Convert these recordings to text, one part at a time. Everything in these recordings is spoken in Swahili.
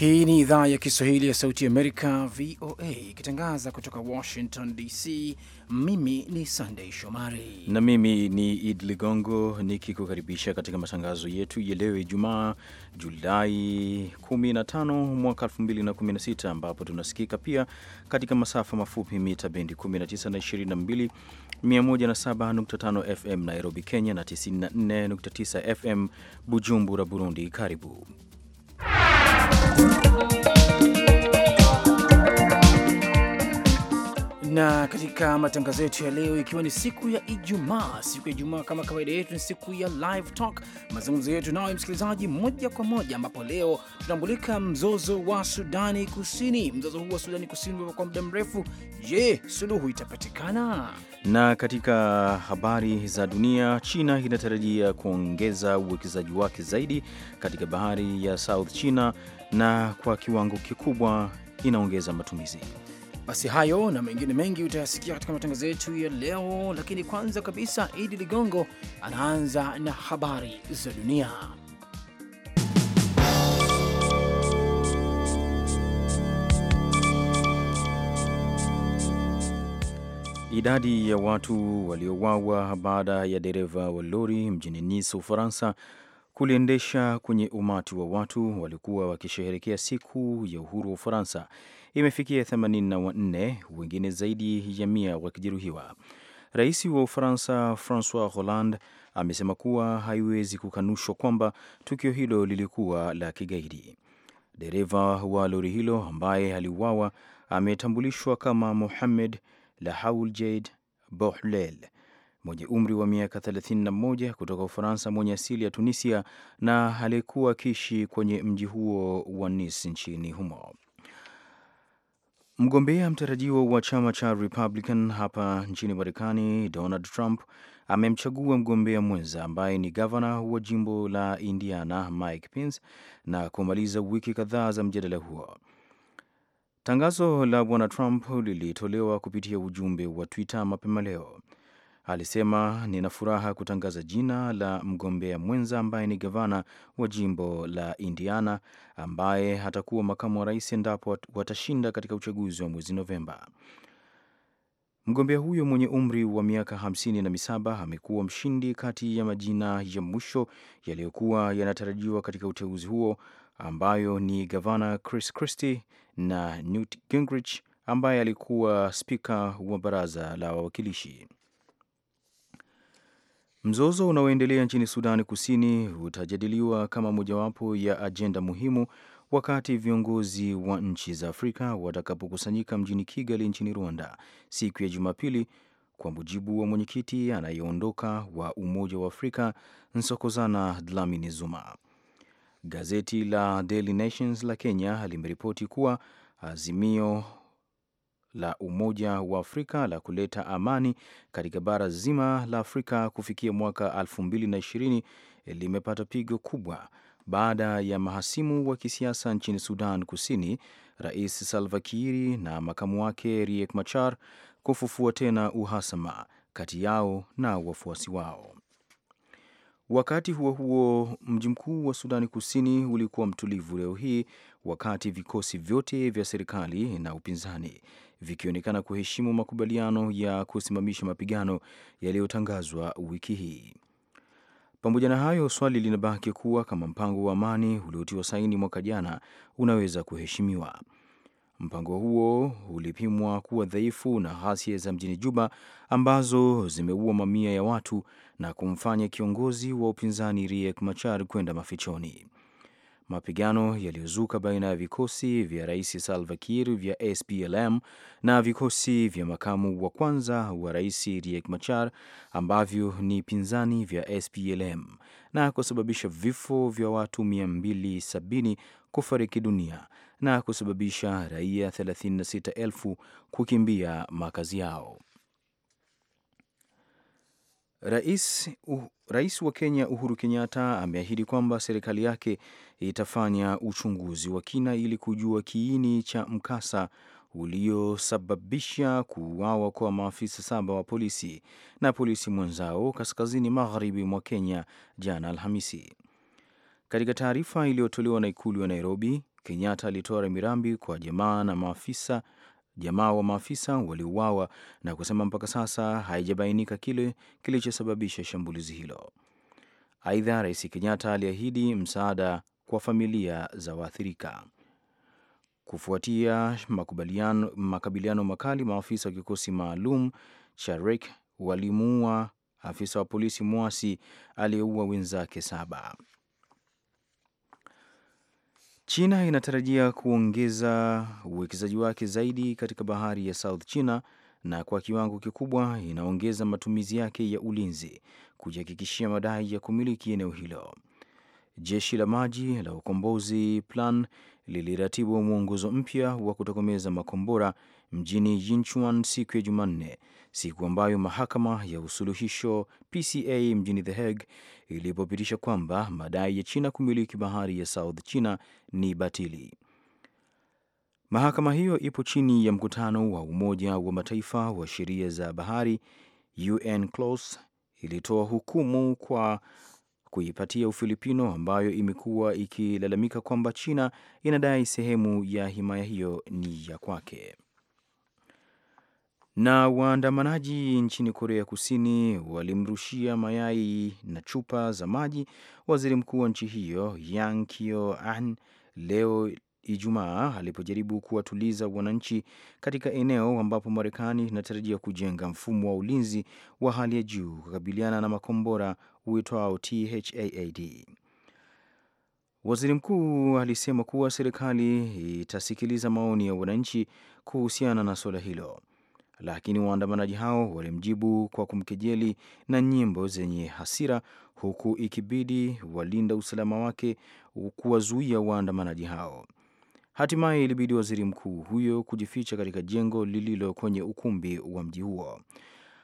Hii ni idhaa ya Kiswahili ya Sauti Amerika, VOA, ikitangaza kutoka Washington DC. Mimi ni Sandei Shomari na mimi ni id Ligongo nikikukaribisha katika matangazo yetu ya leo Ijumaa Julai 15 mwaka 2016, ambapo tunasikika pia katika masafa mafupi mita bendi 19 na 22, 107.5 FM Nairobi, Kenya na 94.9 FM Bujumbura, Burundi. Karibu na katika matangazo yetu ya leo, ikiwa ni siku ya Ijumaa, siku ya Ijumaa kama kawaida yetu ni siku ya live talk, mazungumzo yetu nawe msikilizaji moja kwa moja, ambapo leo tunambulika mzozo wa Sudani Kusini. Mzozo huu wa Sudani Kusini umekuwa kwa muda mrefu. Je, suluhu itapatikana? Na katika habari za dunia, China inatarajia kuongeza uwekezaji wake zaidi katika bahari ya South China na kwa kiwango kikubwa inaongeza matumizi. Basi hayo na mengine mengi utayasikia katika matangazo yetu ya leo, lakini kwanza kabisa Idi Ligongo anaanza na habari za dunia. Idadi ya watu waliowawa baada ya dereva wa lori mjini Nice, Ufaransa, kuliendesha kwenye umati wa watu waliokuwa wakisherehekea siku ya uhuru wa Ufaransa imefikia 84, wengine zaidi ya mia wakijeruhiwa. Rais wa Ufaransa Francois Hollande amesema kuwa haiwezi kukanushwa kwamba tukio hilo lilikuwa la kigaidi. Dereva wa lori hilo ambaye aliuawa ametambulishwa kama Mohamed Lahauljaid Bohlel mwenye umri wa miaka 31 kutoka Ufaransa mwenye asili ya Tunisia na aliyekuwa akiishi kwenye mji huo wa Nice nchini humo. Mgombea mtarajiwa wa chama cha Republican hapa nchini Marekani, Donald Trump amemchagua mgombea mwenza ambaye ni gavana wa jimbo la Indiana Mike Pence na kumaliza wiki kadhaa za mjadala huo. Tangazo la bwana Trump lilitolewa kupitia ujumbe wa Twitter mapema leo. Alisema, nina furaha kutangaza jina la mgombea mwenza ambaye ni gavana wa jimbo la Indiana ambaye atakuwa makamu wa rais endapo watashinda katika uchaguzi wa mwezi Novemba. Mgombea huyo mwenye umri wa miaka hamsini na saba amekuwa mshindi kati ya majina ya mwisho yaliyokuwa yanatarajiwa katika uteuzi huo ambayo ni gavana Chris Christie na Newt Gingrich ambaye alikuwa spika wa baraza la wawakilishi. Mzozo unaoendelea nchini Sudani Kusini utajadiliwa kama mojawapo ya ajenda muhimu wakati viongozi wa nchi za Afrika watakapokusanyika mjini Kigali nchini Rwanda siku ya Jumapili, kwa mujibu wa mwenyekiti anayeondoka wa Umoja wa Afrika Nsokozana Dlamini Zuma. Gazeti la Daily Nations la Kenya limeripoti kuwa azimio la Umoja wa Afrika la kuleta amani katika bara zima la Afrika kufikia mwaka 2020 limepata pigo kubwa baada ya mahasimu wa kisiasa nchini Sudan Kusini, Rais Salva Kiir na makamu wake Riek Machar kufufua tena uhasama kati yao na wafuasi wao. Wakati huo huo, mji mkuu wa Sudani Kusini ulikuwa mtulivu leo hii wakati vikosi vyote vya serikali na upinzani vikionekana kuheshimu makubaliano ya kusimamisha mapigano yaliyotangazwa wiki hii. Pamoja na hayo, swali linabaki kuwa kama mpango wa amani uliotiwa saini mwaka jana unaweza kuheshimiwa. Mpango huo ulipimwa kuwa dhaifu na ghasia za mjini Juba ambazo zimeua mamia ya watu na kumfanya kiongozi wa upinzani Riek Machar kwenda mafichoni. Mapigano yaliyozuka baina ya vikosi vya Rais Salva Kiir vya SPLM na vikosi vya makamu wa kwanza wa Rais Riek Machar ambavyo ni pinzani vya SPLM na kusababisha vifo vya watu 270 kufariki dunia na kusababisha raia 36,000 kukimbia makazi yao. Rais, uh, rais wa Kenya Uhuru Kenyatta ameahidi kwamba serikali yake itafanya uchunguzi wa kina ili kujua kiini cha mkasa uliosababisha kuuawa kwa maafisa saba wa polisi na polisi mwenzao kaskazini magharibi mwa Kenya jana Alhamisi. Katika taarifa iliyotolewa na ikulu ya Nairobi, Kenyatta alitoa rambirambi kwa jamaa na maafisa jamaa wa maafisa waliuawa na kusema mpaka sasa haijabainika kile kilichosababisha shambulizi hilo. Aidha, Rais Kenyatta aliahidi msaada kwa familia za waathirika kufuatia makabiliano makali. Maafisa wa kikosi maalum cha REK walimuua afisa wa polisi mwasi aliyeua wenzake saba. China inatarajia kuongeza uwekezaji wake zaidi katika bahari ya South China na kwa kiwango kikubwa inaongeza matumizi yake ya ulinzi kujihakikishia madai ya kumiliki eneo hilo. Jeshi la maji la ukombozi Plan liliratibu mwongozo mpya wa kutokomeza makombora mjini Yinchuan siku ya Jumanne, siku ambayo mahakama ya usuluhisho PCA mjini The Hague ilipopitisha kwamba madai ya China kumiliki bahari ya South China ni batili. Mahakama hiyo ipo chini ya mkutano wa Umoja wa Mataifa wa sheria za bahari UN CLOS ilitoa hukumu kwa kuipatia Ufilipino ambayo imekuwa ikilalamika kwamba China inadai sehemu ya himaya hiyo ni ya kwake. Na waandamanaji nchini Korea Kusini walimrushia mayai na chupa za maji waziri mkuu wa nchi hiyo Yang Kio An leo Ijumaa alipojaribu kuwatuliza wananchi katika eneo ambapo Marekani inatarajia kujenga mfumo wa ulinzi wa hali ya juu kukabiliana na makombora uitwao THAAD. Waziri mkuu alisema kuwa serikali itasikiliza maoni ya wananchi kuhusiana na suala hilo lakini waandamanaji hao walimjibu kwa kumkejeli na nyimbo zenye hasira, huku ikibidi walinda usalama wake kuwazuia waandamanaji hao. Hatimaye ilibidi waziri mkuu huyo kujificha katika jengo lililo kwenye ukumbi wa mji huo.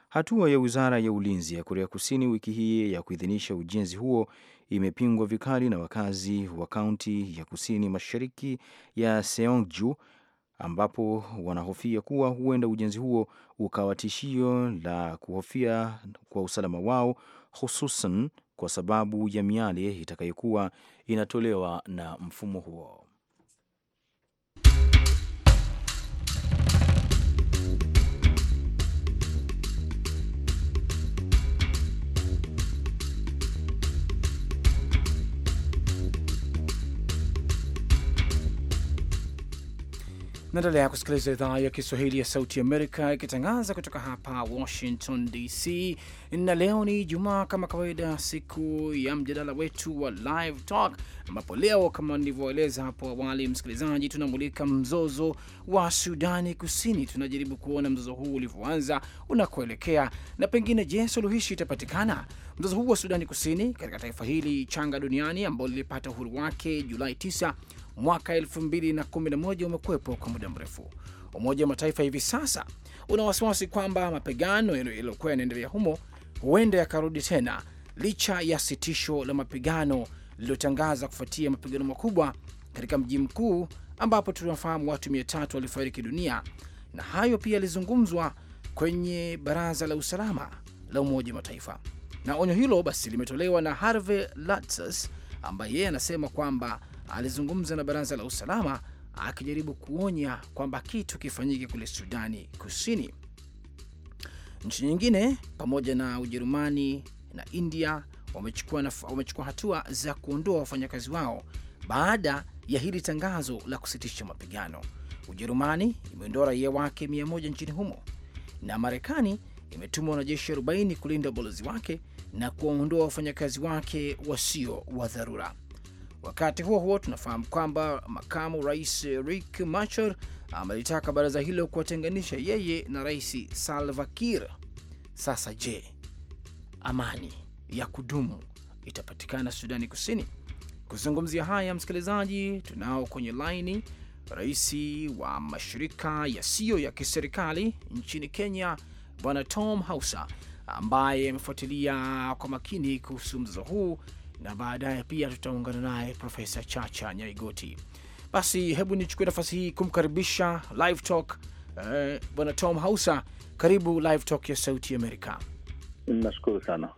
Hatua ya wizara ya ulinzi ya Korea Kusini wiki hii ya kuidhinisha ujenzi huo imepingwa vikali na wakazi wa kaunti ya kusini mashariki ya Seongju ambapo wanahofia kuwa huenda ujenzi huo ukawa tishio la kuhofia kwa usalama wao, hususan kwa sababu ya miale itakayokuwa inatolewa na mfumo huo. Naendelea kusikiliza idhaa ya Kiswahili ya Sauti Amerika ikitangaza kutoka hapa Washington DC, na leo ni Ijumaa kama kawaida, siku ya mjadala wetu wa Live Talk, ambapo leo kama nilivyoeleza hapo awali, msikilizaji, tunamulika mzozo wa Sudani Kusini. Tunajaribu kuona mzozo huu ulivyoanza, unakoelekea, na pengine, je, suluhishi itapatikana? Mzozo huu wa Sudani Kusini katika taifa hili changa duniani ambalo lilipata uhuru wake Julai 9 mwaka 2011 umekwepo kwa muda mrefu. Umoja wa Mataifa hivi sasa una wasiwasi kwamba mapigano yaliyokuwa yanaendelea humo huenda yakarudi tena licha ya sitisho la mapigano lililotangaza kufuatia mapigano makubwa katika mji mkuu ambapo tunafahamu watu mia tatu walifariki dunia, na hayo pia yalizungumzwa kwenye Baraza la Usalama la Umoja wa Mataifa, na onyo hilo basi limetolewa na Harve Latsas ambaye yeye anasema kwamba alizungumza na baraza la usalama akijaribu kuonya kwamba kitu kifanyike kule Sudani Kusini. Nchi nyingine pamoja na Ujerumani na India wamechukua, na, wamechukua hatua za kuondoa wafanyakazi wao baada ya hili tangazo la kusitisha mapigano. Ujerumani imeondoa raia wake mia moja nchini humo na Marekani imetuma wanajeshi 40 kulinda ubalozi wake na kuwaondoa wafanyakazi wake wasio wa dharura. Wakati huo huo, tunafahamu kwamba makamu rais rik Machar amelitaka baraza hilo kuwatenganisha yeye na rais Salva Kiir. Sasa je, amani ya kudumu itapatikana Sudani Kusini? Kuzungumzia haya, msikilizaji, tunao kwenye laini rais wa mashirika yasiyo ya, ya kiserikali nchini Kenya, Bwana Tom Hausa ambaye amefuatilia kwa makini kuhusu mzozo huu na baadaye pia tutaungana naye Profesa Chacha Nyaigoti. Basi hebu nichukue nafasi hii kumkaribisha Live Talk eh, Bwana Tom Hausa, karibu Live Talk ya Sauti Amerika. Nashukuru sana.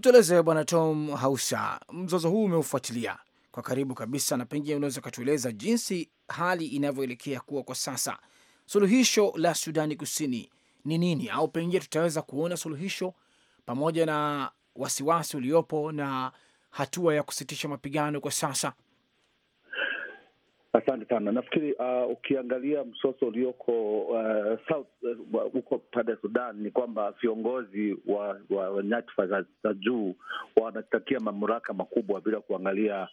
tueleze Bwana Tom Hausa, mzozo huu umeufuatilia kwa karibu kabisa, na pengine unaweza ukatueleza jinsi hali inavyoelekea kuwa kwa sasa. Suluhisho la Sudani Kusini ni nini, au pengine tutaweza kuona suluhisho pamoja na wasiwasi uliopo na hatua ya kusitisha mapigano kwa sasa? Asante sana. Nafikiri uh, ukiangalia msoso ulioko uh, south uh, huko uh, pande ya Sudan ni kwamba viongozi wa, wa, wa nyatifa za, za juu wanatakia mamlaka makubwa bila kuangalia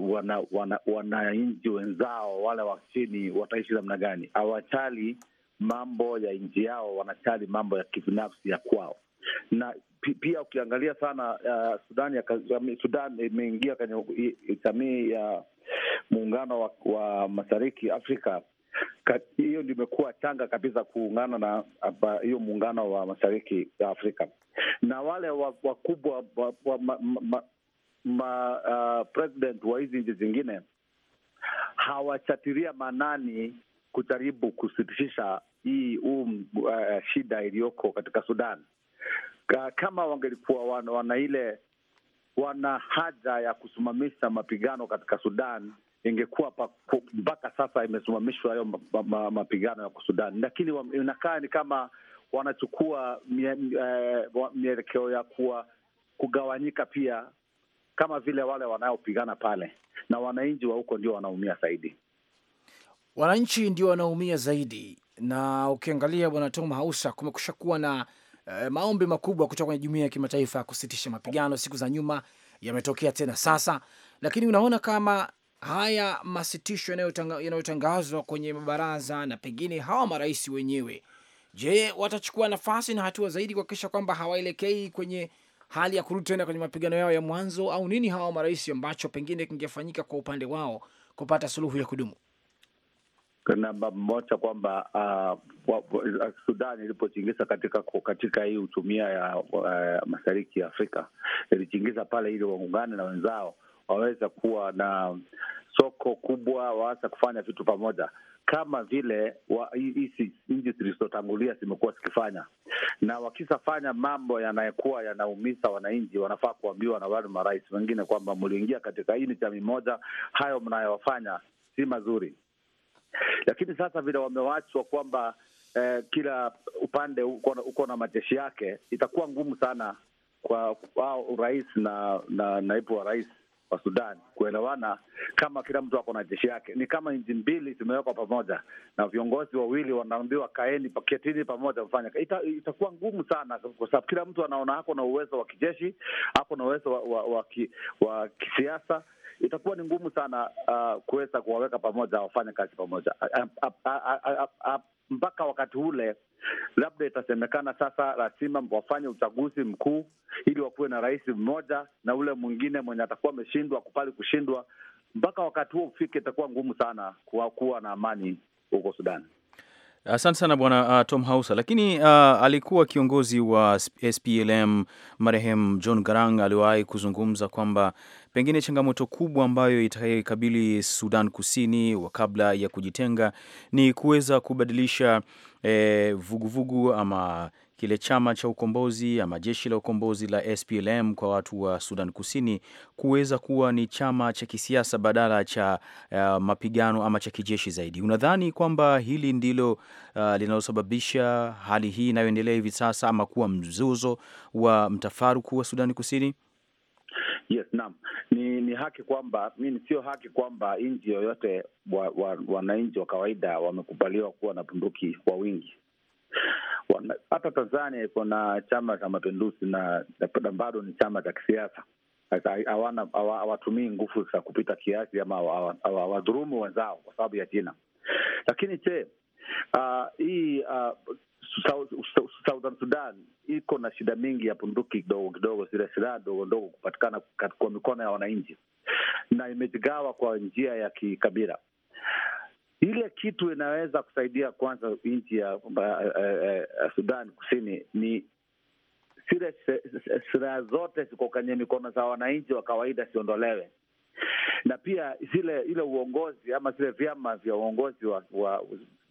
wananchi wana, wana wenzao wale wa chini wataishi namna gani. Hawachali mambo ya nchi yao, wanachali mambo ya kibinafsi ya kwao na pia ukiangalia sana uh, Sudan ya Sudan imeingia kwenye jamii ya muungano wa, wa mashariki Afrika. Hiyo ndio imekuwa changa kabisa kuungana na hiyo muungano wa mashariki ya Afrika na wale wakubwa wa, wa, wa, ma, ma, ma, uh, president wa hizi nchi zingine hawachatiria manani kujaribu kusitisha hii um, uh, shida iliyoko katika Sudan kama wangelikuwa wana, wana ile wana haja ya kusimamisha mapigano katika Sudan ingekuwa mpaka sasa imesimamishwa hayo mapigano ya sudan lakini inakaa ni kama wanachukua eh, mielekeo ya kuwa kugawanyika pia kama vile wale wanaopigana pale, na wananchi wa huko ndio wanaumia zaidi. Wananchi ndio wanaumia zaidi, na ukiangalia Bwana Tom Hausa, kumekusha kuwa na Eh, maombi makubwa kutoka kwenye jumuiya ya kimataifa ya kusitisha mapigano siku za nyuma yametokea tena sasa, lakini unaona kama haya masitisho yanayotangazwa kwenye mabaraza na pengine hawa marais wenyewe, je, watachukua nafasi na hatua zaidi kuhakikisha kwamba hawaelekei kwenye hali ya kurudi tena kwenye mapigano yao ya mwanzo, au nini hawa marais ambacho pengine kingefanyika kwa upande wao kupata suluhu ya kudumu? namba mmoja kwamba uh, Sudan ilipojiingiza katika katika hii utumia ya uh, mashariki ya Afrika ilijiingiza pale ili waungane na wenzao waweza kuwa na soko kubwa, waweza kufanya vitu pamoja kama vile hizi nchi zilizotangulia zimekuwa zikifanya, na wakishafanya mambo yanayokuwa yanaumiza wananchi, wanafaa kuambiwa na wale marais wengine kwamba mliingia katika hii ni jamii moja, hayo mnayofanya si mazuri lakini sasa vile wamewachwa kwamba eh, kila upande uko na majeshi yake, itakuwa ngumu sana kwa wao urais na, na naibu wa rais wa Sudan kuelewana kama kila mtu ako na jeshi yake. Ni kama nchi mbili zimewekwa pamoja na viongozi wawili wanaambiwa kaeni paketini pamoja kufanya, itakuwa ngumu sana, kwa sababu kila mtu anaona ako na uwezo wa kijeshi, ako na uwezo wa, wa, wa, ki, wa kisiasa itakuwa ni ngumu sana uh, kuweza kuwaweka pamoja wafanye kazi pamoja mpaka wakati ule labda itasemekana sasa lazima wafanye uchaguzi mkuu ili wakuwe na rais mmoja na ule mwingine mwenye atakuwa ameshindwa kupali kushindwa. Mpaka wakati huo ufike, itakuwa ngumu sana kuwa na amani huko Sudani. Asante sana bwana uh, Tom Hausa. Lakini uh, alikuwa kiongozi wa SPLM marehemu John Garang aliwahi kuzungumza kwamba pengine changamoto kubwa ambayo itakaikabili Sudan Kusini wa kabla ya kujitenga ni kuweza kubadilisha eh, vuguvugu eh, vugu ama kile chama cha ukombozi ama jeshi la ukombozi la SPLM kwa watu wa Sudan Kusini kuweza kuwa ni chama cha kisiasa badala cha uh, mapigano ama cha kijeshi zaidi. Unadhani kwamba hili ndilo uh, linalosababisha hali hii inayoendelea hivi sasa ama kuwa mzozo wa mtafaruku wa sudani Kusini? Yes, naam. Ni ni haki kwamba mimi, sio haki kwamba nchi yoyote wananchi wa, wa, wa kawaida wamekubaliwa kuwa na bunduki kwa wingi hata Tanzania iko na Chama cha Mapinduzi na bado ni chama cha kisiasa, hawatumii nguvu za kupita kiasi ama hawadhurumu wenzao kwa sababu ya jina. Lakini je, uh, hii uh, Southern Sudan iko na shida mingi ya bunduki kidogo kidogo, zile silaha ndogo ndogo kupatikana kwa mikono ya wananchi, na imejigawa kwa njia ya kikabila. Ile kitu inaweza kusaidia kwanza nchi ya eh, eh, eh, sudan Kusini ni zile silaha zote ziko kwenye mikono za wananchi wa kawaida ziondolewe, na pia zile ile uongozi ama zile vyama vya uongozi wa, wa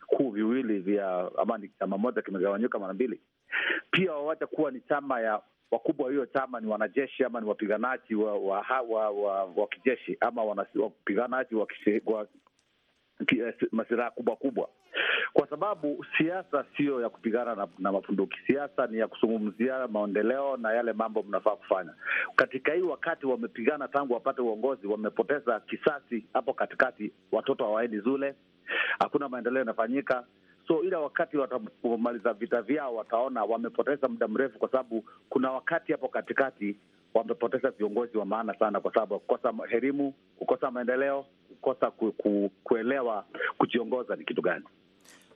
kuu viwili vya amani, chama moja kimegawanyika mara mbili, pia wawacha kuwa ni chama ya wakubwa hiyo chama ni wanajeshi ama ni wapiganaji wa wa, wa, wa, wa kijeshi ama wapiganaji wa, wa masiraha kubwa kubwa, kwa sababu siasa siyo ya kupigana na, na mapunduki. Siasa ni ya kuzungumzia maendeleo na yale mambo mnafaa kufanya. Katika hii wakati wamepigana tangu wapate uongozi, wamepoteza kisasi hapo katikati, watoto hawaendi zule, hakuna maendeleo yanafanyika. So ila wakati watamaliza vita vyao, wataona wamepoteza muda mrefu, kwa sababu kuna wakati hapo katikati wamepoteza viongozi wa maana sana, kwa sababu kukosa herimu, kukosa maendeleo kukosa ku, ku, kuelewa kujiongoza ni kitu gani.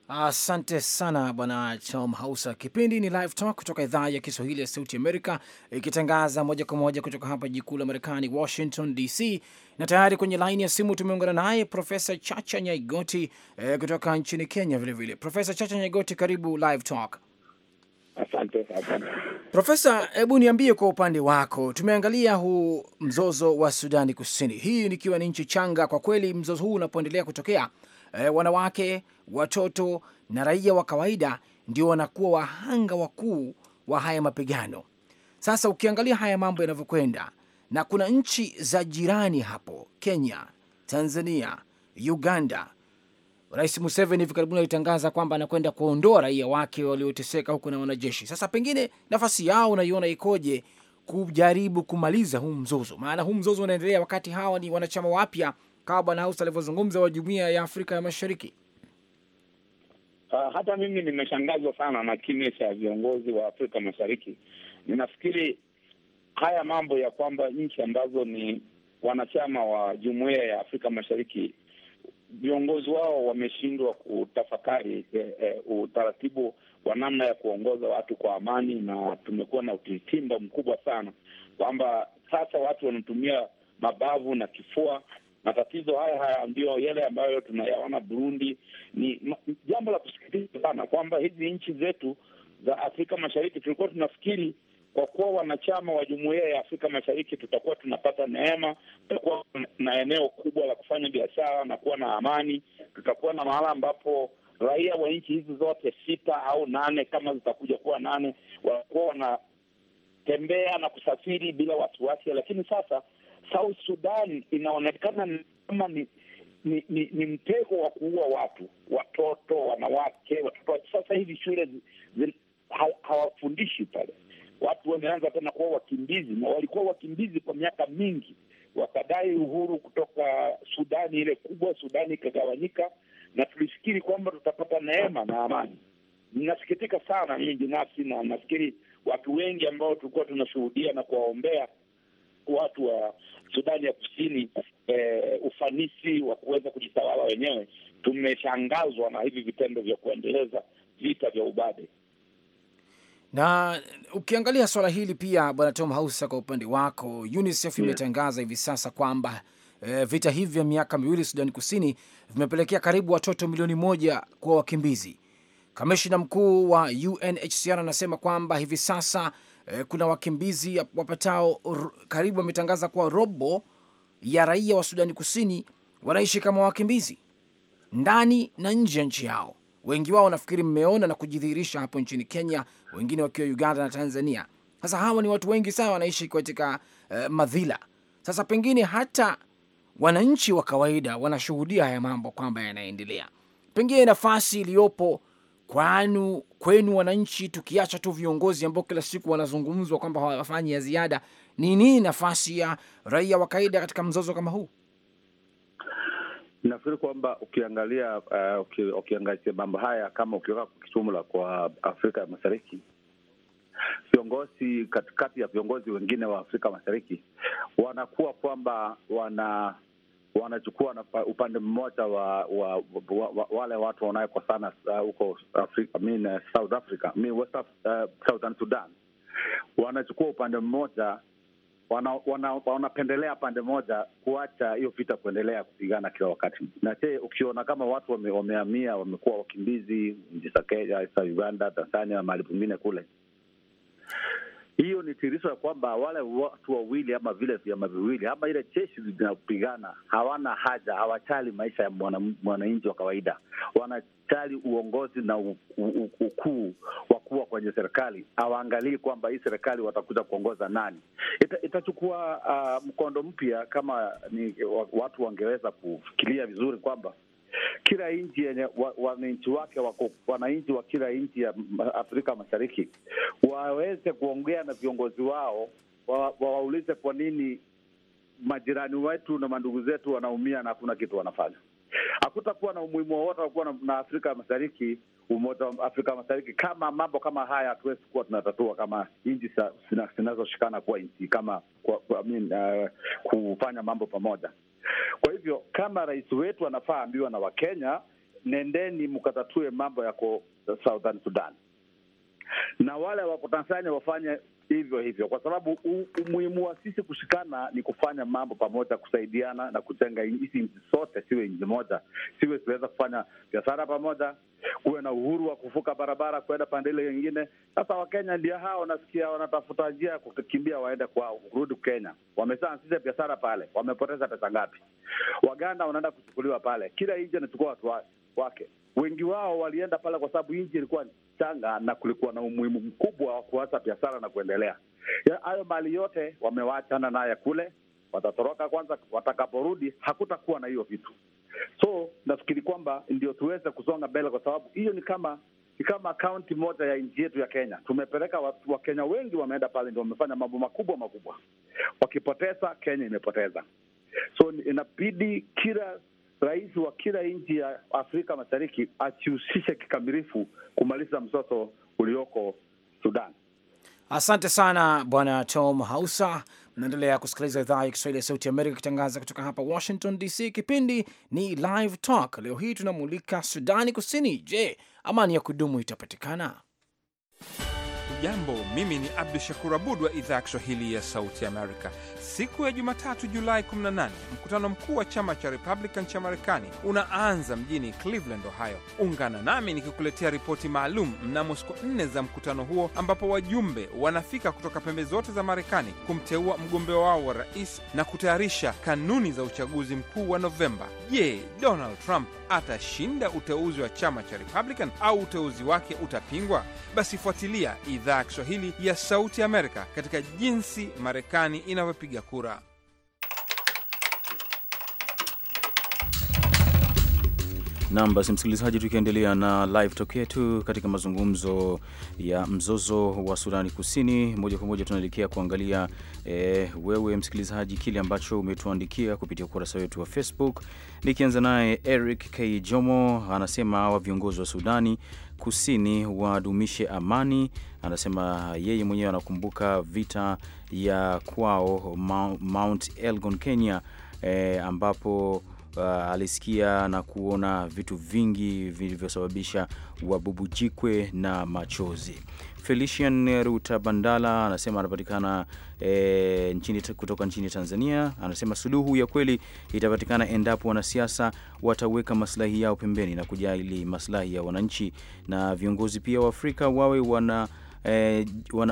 Asante sana bwana Tom Hausa. Kipindi ni Live Talk kutoka idhaa ya Kiswahili ya Sauti Amerika, ikitangaza moja kwa moja kutoka hapa jikuu la Marekani, Washington DC. Na tayari kwenye laini ya simu tumeungana naye Profesa Chacha Nyaigoti eh, kutoka nchini Kenya vilevile. Profesa Chacha Nyaigoti, karibu Live Talk asante. Profesa, hebu niambie kwa upande wako, tumeangalia huu mzozo wa Sudani Kusini, hii nikiwa ni nchi changa. Kwa kweli mzozo huu unapoendelea kutokea e, wanawake, watoto na raia wa kawaida ndio wanakuwa wahanga wakuu wa haya mapigano. Sasa ukiangalia haya mambo yanavyokwenda, na kuna nchi za jirani hapo, Kenya, Tanzania, Uganda Rais Museveni hivi karibuni alitangaza kwamba anakwenda kuondoa raia wake walioteseka huko na wanajeshi. Sasa pengine nafasi yao unaiona ikoje kujaribu kumaliza huu mzozo? Maana huu mzozo unaendelea wakati hawa ni wanachama wapya, kama Bwana House alivyozungumza, wa Jumuiya ya Afrika ya Mashariki. Uh, hata mimi nimeshangazwa sana na kimya cha viongozi wa Afrika Mashariki. Ninafikiri haya mambo ya kwamba nchi ambazo ni wanachama wa Jumuiya ya Afrika Mashariki viongozi wao wameshindwa kutafakari eh, eh, utaratibu wa namna ya kuongoza watu kwa amani, na tumekuwa na utitimba mkubwa sana kwamba sasa watu wanatumia mabavu na kifua. Matatizo haya haya ndiyo yale ambayo tunayaona Burundi. Ni jambo la kusikitisha sana kwamba hizi nchi zetu za Afrika Mashariki tulikuwa tunafikiri kwa kuwa wanachama wa jumuiya ya Afrika Mashariki tutakuwa tunapata neema, tutakuwa na eneo kubwa la kufanya biashara na kuwa na amani. Tutakuwa na mahala ambapo raia wa nchi hizi zote sita au nane kama zitakuja kuwa nane, watakuwa wanatembea na kusafiri bila wasiwasi. Lakini sasa South Sudan inaonekana kama ni ni, ni, ni mtego wa kuua watu, watoto, wanawake, watoto. Sasa hivi shule hawafundishi pale watu wameanza tena kuwa wakimbizi, na walikuwa wakimbizi kwa miaka mingi, wakadai uhuru kutoka Sudani ile kubwa. Sudani ikagawanyika, na tulifikiri kwamba tutapata neema na amani. Ninasikitika sana mimi binafsi, na nafikiri watu wengi ambao tulikuwa tunashuhudia na kuwaombea watu wa Sudani ya Kusini eh, ufanisi wa kuweza kujitawala wenyewe, tumeshangazwa na hivi vitendo vya kuendeleza vita vya ubade na ukiangalia swala hili pia, bwana Tom Hausa, kwa upande wako UNICEF imetangaza hivi sasa kwamba e, vita hivi vya miaka miwili Sudani Kusini vimepelekea karibu watoto milioni moja kuwa wakimbizi. Kamishna mkuu wa UNHCR anasema kwamba hivi sasa e, kuna wakimbizi wapatao karibu, wametangaza kuwa robo ya raia wa Sudani Kusini wanaishi kama wakimbizi ndani na nje ya nchi yao. Wengi wao nafikiri mmeona na kujidhihirisha hapo nchini Kenya, wengine wakiwa Uganda na Tanzania. Sasa hawa ni watu wengi sana wanaishi katika uh, madhila. Sasa pengine hata wananchi wa kawaida wanashuhudia haya mambo kwamba yanaendelea, pengine nafasi iliyopo kwanu kwenu wananchi, tukiacha tu viongozi ambao kila siku wanazungumzwa kwamba hawafanyi ya ziada, ni nini nafasi ya raia wa kawaida katika mzozo kama huu? Nafikiri kwamba ukiangalia uh, ukiangazia mambo haya kama ukiweka kichumla kwa Afrika ya Mashariki, viongozi katikati ya viongozi wengine wa Afrika Mashariki wanakuwa kwamba wana wanachukua na upande mmoja wa, wa, wa, wa wale watu wanayekosana uh, huko uh, Afrika uh, South Africa West, uh, Southern Sudan wanachukua upande mmoja wanapendelea wana, wana pande moja kuacha hiyo vita kuendelea kupigana kila wakati. Na te ukiona kama watu wamehamia wamekuwa wakimbizi nchi za Kenya, Uganda, Tanzania na mahali pengine kule, hiyo ni tirisho ya kwamba wale watu wawili ama vile vyama viwili ama ile jeshi zinapigana hawana haja, hawachali maisha ya mwananchi wa kawaida, wanachali uongozi na ukuu wa kuwa kwenye serikali. Hawaangalii kwamba hii serikali watakuja kuongoza nani. Ita, itachukua uh, mkondo mpya kama ni watu wangeweza kufikiria vizuri kwamba kila nchi yenye wananchi wa wake wako wananchi wa kila nchi ya Afrika Mashariki waweze kuongea na viongozi wao, wawaulize wa kwa nini majirani wetu na mandugu zetu wanaumia na hakuna kitu wanafanya. Hakutakuwa na umuhimu wowote wa kuwa na Afrika Mashariki Umoja wa Afrika Mashariki, kama mambo kama haya hatuwezi kuwa tunatatua kama nchi zinazoshikana kuwa nchi kama kwa, kwa, I mean, uh, kufanya mambo pamoja. Kwa hivyo kama rais wetu anafaa ambiwa na Wakenya, nendeni mkatatue mambo yako Southern Sudan, na wale wako Tanzania wafanye hivyo hivyo, kwa sababu umuhimu wa sisi kushikana ni kufanya mambo pamoja, kusaidiana na kujenga hizi nchi zote, siwe nchi moja, siwe tunaweza kufanya biashara pamoja, kuwe na uhuru wa kuvuka barabara kuenda pande ile nyingine. Sasa Wakenya ndio hao, wanasikia wanatafuta njia ya kukimbia waende kwao, kurudi Kenya. Wameshaanzisha biashara pale, wamepoteza pesa ngapi? Waganda wanaenda kuchukuliwa pale, kila nchi anachukua watu wake Wengi wao walienda pale kwa sababu nchi ilikuwa changa na kulikuwa na umuhimu mkubwa wa kuacha biashara na kuendelea. Hayo mali yote wamewachana naye kule, watatoroka kwanza, watakaporudi hakutakuwa na hiyo vitu. So nafikiri kwamba ndio tuweze kusonga mbele, kwa sababu hiyo ni kama ni kama kaunti moja ya nchi yetu ya Kenya. Tumepeleka Wakenya wa wengi wameenda pale, ndio wamefanya mambo makubwa makubwa. Wakipoteza, Kenya imepoteza. So inabidi kila rais wa kila nchi ya Afrika Mashariki asihusishe kikamilifu kumaliza mzozo ulioko Sudan. Asante sana Bwana Tom Hausa. naendelea kusikiliza idhaa ya Kiswahili ya Sauti Amerika ikitangaza kutoka hapa Washington DC. Kipindi ni Live Talk. Leo hii tunamulika Sudani Kusini. Je, amani ya kudumu itapatikana? Jambo, mimi ni Abdu Shakur Abud wa idhaa ya Kiswahili ya Sauti Amerika. Siku ya Jumatatu, Julai 18, mkutano mkuu wa chama cha Republican cha Marekani unaanza mjini Cleveland, Ohio. Ungana nami nikikuletea ripoti maalum mnamo siku nne za mkutano huo, ambapo wajumbe wanafika kutoka pembe zote za Marekani kumteua mgombea wao wa rais na kutayarisha kanuni za uchaguzi mkuu wa Novemba. Je, Donald Trump atashinda uteuzi wa chama cha Republican au uteuzi wake utapingwa? Basi fuatilia idhaa ya Kiswahili ya Sauti Amerika katika jinsi Marekani inavyopiga kura. Nam, basi msikilizaji, tukiendelea na live talk yetu katika mazungumzo ya mzozo wa Sudani Kusini, moja kwa moja tunaelekea kuangalia e, wewe msikilizaji, kile ambacho umetuandikia kupitia ukurasa wetu wa Facebook. Nikianza naye Eric K Jomo anasema hawa viongozi wa Sudani Kusini wadumishe amani. Anasema yeye mwenyewe anakumbuka vita ya kwao Mount Elgon, Kenya, e, ambapo uh, alisikia na kuona vitu vingi vilivyosababisha wabubujikwe na machozi. Felician bandala anasema anapatikana e, nchini, kutoka nchini Tanzania. Anasema suluhu ya kweli itapatikana endapo wanasiasa wataweka maslahi yao pembeni na kujali maslahi ya wananchi, na viongozi pia wa Afrika wawe wana E,